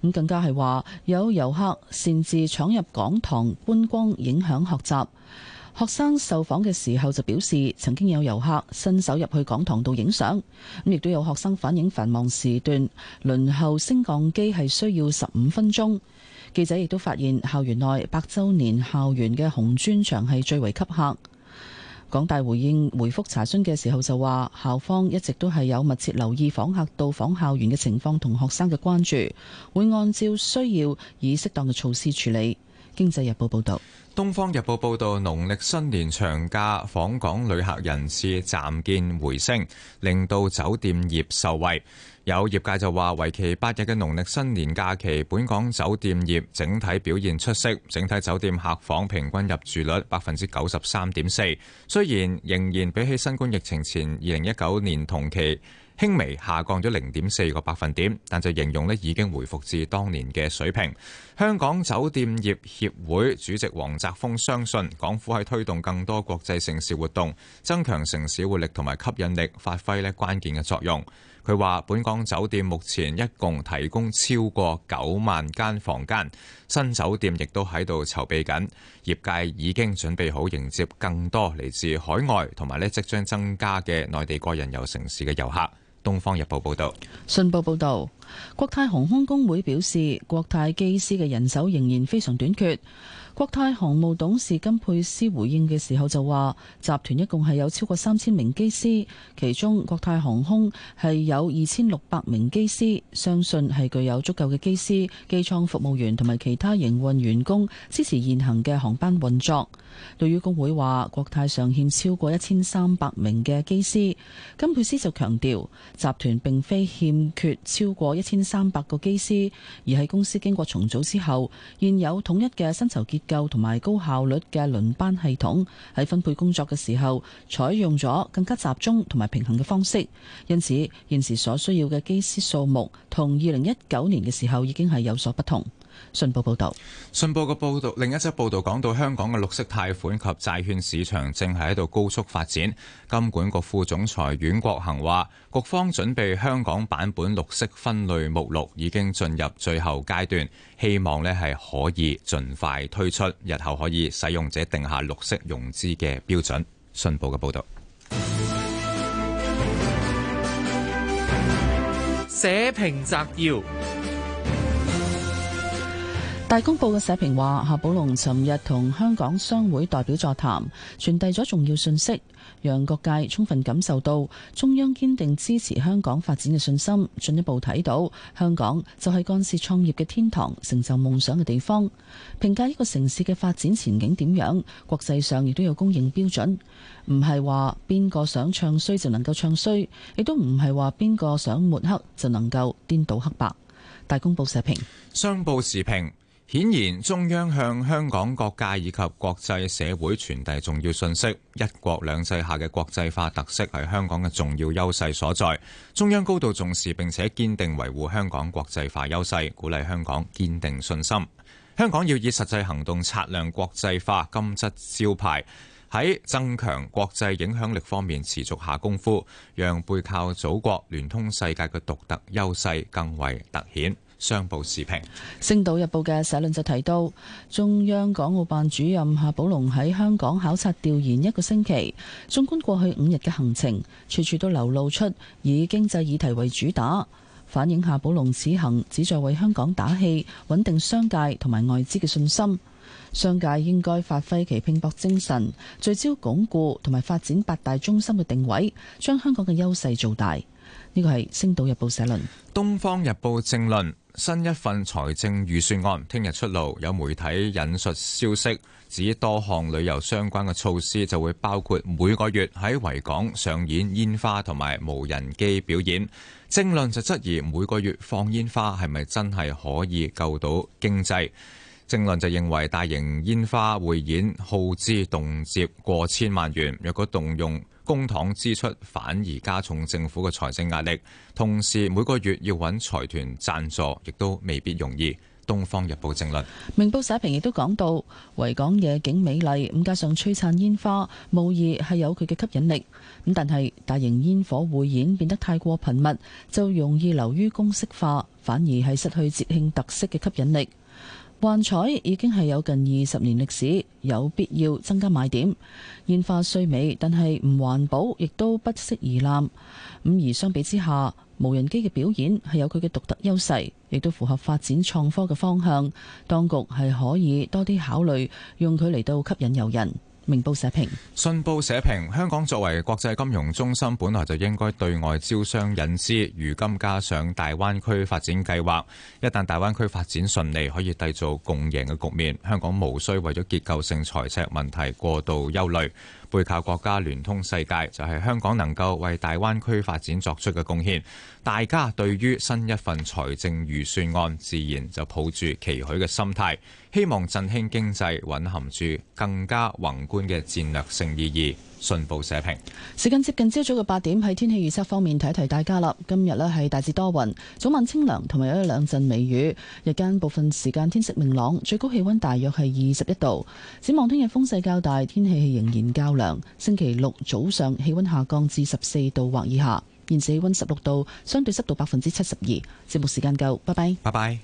咁更加係話有遊客擅自闖入講堂觀光，影響學習。學生受訪嘅時候就表示，曾經有遊客伸手入去講堂度影相。咁亦都有學生反映繁忙時段輪候升降機係需要十五分鐘。記者亦都發現校園內百周年校園嘅紅磚牆係最為吸客。港大回應回覆查詢嘅時候就話，校方一直都係有密切留意訪客到訪校園嘅情況同學生嘅關注，會按照需要以適當嘅措施處理。經濟日報報道，東方日報報道，農曆新年長假訪港旅客人次暫見回升，令到酒店業受惠。有業界就話，為期八日嘅農曆新年假期，本港酒店業整體表現出色，整體酒店客房平均入住率百分之九十三點四，雖然仍然比起新冠疫情前二零一九年同期，輕微下降咗零點四個百分點，但就形容咧已經回復至當年嘅水平。香港酒店業協會主席王澤峰相信，港府喺推動更多國際城市活動，增強城市活力同埋吸引力，發揮咧關鍵嘅作用。佢話，本港酒店目前一共提供超過九萬間房間，新酒店亦都喺度籌備緊，業界已經準備好迎接更多嚟自海外同埋呢即將增加嘅內地個人遊城市嘅遊客。《東方日報》報道，《信報》報道，國泰航空工會表示，國泰機師嘅人手仍然非常短缺。國泰航務董事金佩斯回應嘅時候就話，集團一共係有超過三千名機師，其中國泰航空係有二千六百名機師，相信係具有足夠嘅機師、機艙服務員同埋其他營運員工支持現行嘅航班運作。對於工會話國泰尚欠超過一千三百名嘅機師，金佩斯就強調，集團並非欠缺超過一千三百個機師，而係公司經過重組之後，現有統一嘅薪酬結夠同埋高效率嘅輪班系統，喺分配工作嘅時候，採用咗更加集中同埋平衡嘅方式，因此現時所需要嘅機師數目，同二零一九年嘅時候已經係有所不同。信報報道，信報嘅報道，另一則報道講到香港嘅綠色貸款及債券市場正係喺度高速發展。金管局副總裁阮國恒話，局方準備香港版本綠色分類目錄已經進入最後階段，希望呢係可以盡快推出，日後可以使用者定下綠色融資嘅標準。信報嘅報道，社評摘要。大公報嘅社評話：夏寶龍尋日同香港商會代表座談，傳遞咗重要信息，讓各界充分感受到中央堅定支持香港發展嘅信心。進一步睇到香港就係幹事創業嘅天堂、成就夢想嘅地方。評價一個城市嘅發展前景點樣，國際上亦都有公認標準，唔係話邊個想唱衰就能夠唱衰，亦都唔係話邊個想抹黑就能夠顛倒黑白。大公報社評，商報時評。顯然，中央向香港各界以及國際社會傳遞重要訊息：一國兩制下嘅國際化特色係香港嘅重要優勢所在。中央高度重視並且堅定維護香港國際化優勢，鼓勵香港堅定信心。香港要以實際行動擦亮國際化金質招牌，喺增強國際影響力方面持續下功夫，讓背靠祖國、聯通世界嘅獨特優勢更為突顯。商報視頻，《星島日報》嘅社論就提到，中央港澳辦主任夏寶龍喺香港考察調研一個星期，縱觀過去五日嘅行程，處處都流露出以經濟議題為主打，反映夏寶龍此行旨在為香港打氣，穩定商界同埋外資嘅信心。商界應該發揮其拼搏精神，聚焦鞏固同埋發展八大中心嘅定位，將香港嘅優勢做大。呢個係《星島日報》社論，《東方日報》正論，新一份財政預算案聽日出爐，有媒體引述消息指多項旅遊相關嘅措施就會包括每個月喺維港上演煙花同埋無人機表演。正論就質疑每個月放煙花係咪真係可以救到經濟？正論就認為大型煙花匯演耗資動輒過千萬元，若果動用公帑支出反而加重政府嘅財政壓力，同時每個月要搵財團贊助，亦都未必容易。《東方日報》政論，明報社評亦都講到，維港夜景美麗，咁加上璀璨煙花，無疑係有佢嘅吸引力。咁但係大型煙火匯演變得太過頻密，就容易流於公式化，反而係失去節慶特色嘅吸引力。幻彩已經係有近二十年歷史，有必要增加賣點。煙花雖美，但係唔環保，亦都不適宜濫。咁而相比之下，無人機嘅表演係有佢嘅獨特優勢，亦都符合發展創科嘅方向。當局係可以多啲考慮用佢嚟到吸引遊人。明報社評，信報社評，香港作為國際金融中心，本來就應該對外招商引資。如今加上大灣區發展計劃，一旦大灣區發展順利，可以締造共贏嘅局面。香港無需為咗結構性財赤問題過度憂慮。背靠國家聯通世界，就係、是、香港能夠為大灣區發展作出嘅貢獻。大家對於新一份財政預算案，自然就抱住期許嘅心態，希望振興經濟，蘊含住更加宏觀嘅戰略性意義。信報社評時間接近朝早嘅八點，喺天氣預測方面提提大家啦。今日咧係大致多雲，早晚清涼，同埋有兩陣微雨。日間部分時間天色明朗，最高氣温大約係二十一度。展望聽日風勢較大，天氣仍然較涼。星期六早上氣温下降至十四度或以下，現時氣温十六度，相對濕度百分之七十二。節目時間夠，拜拜，拜拜。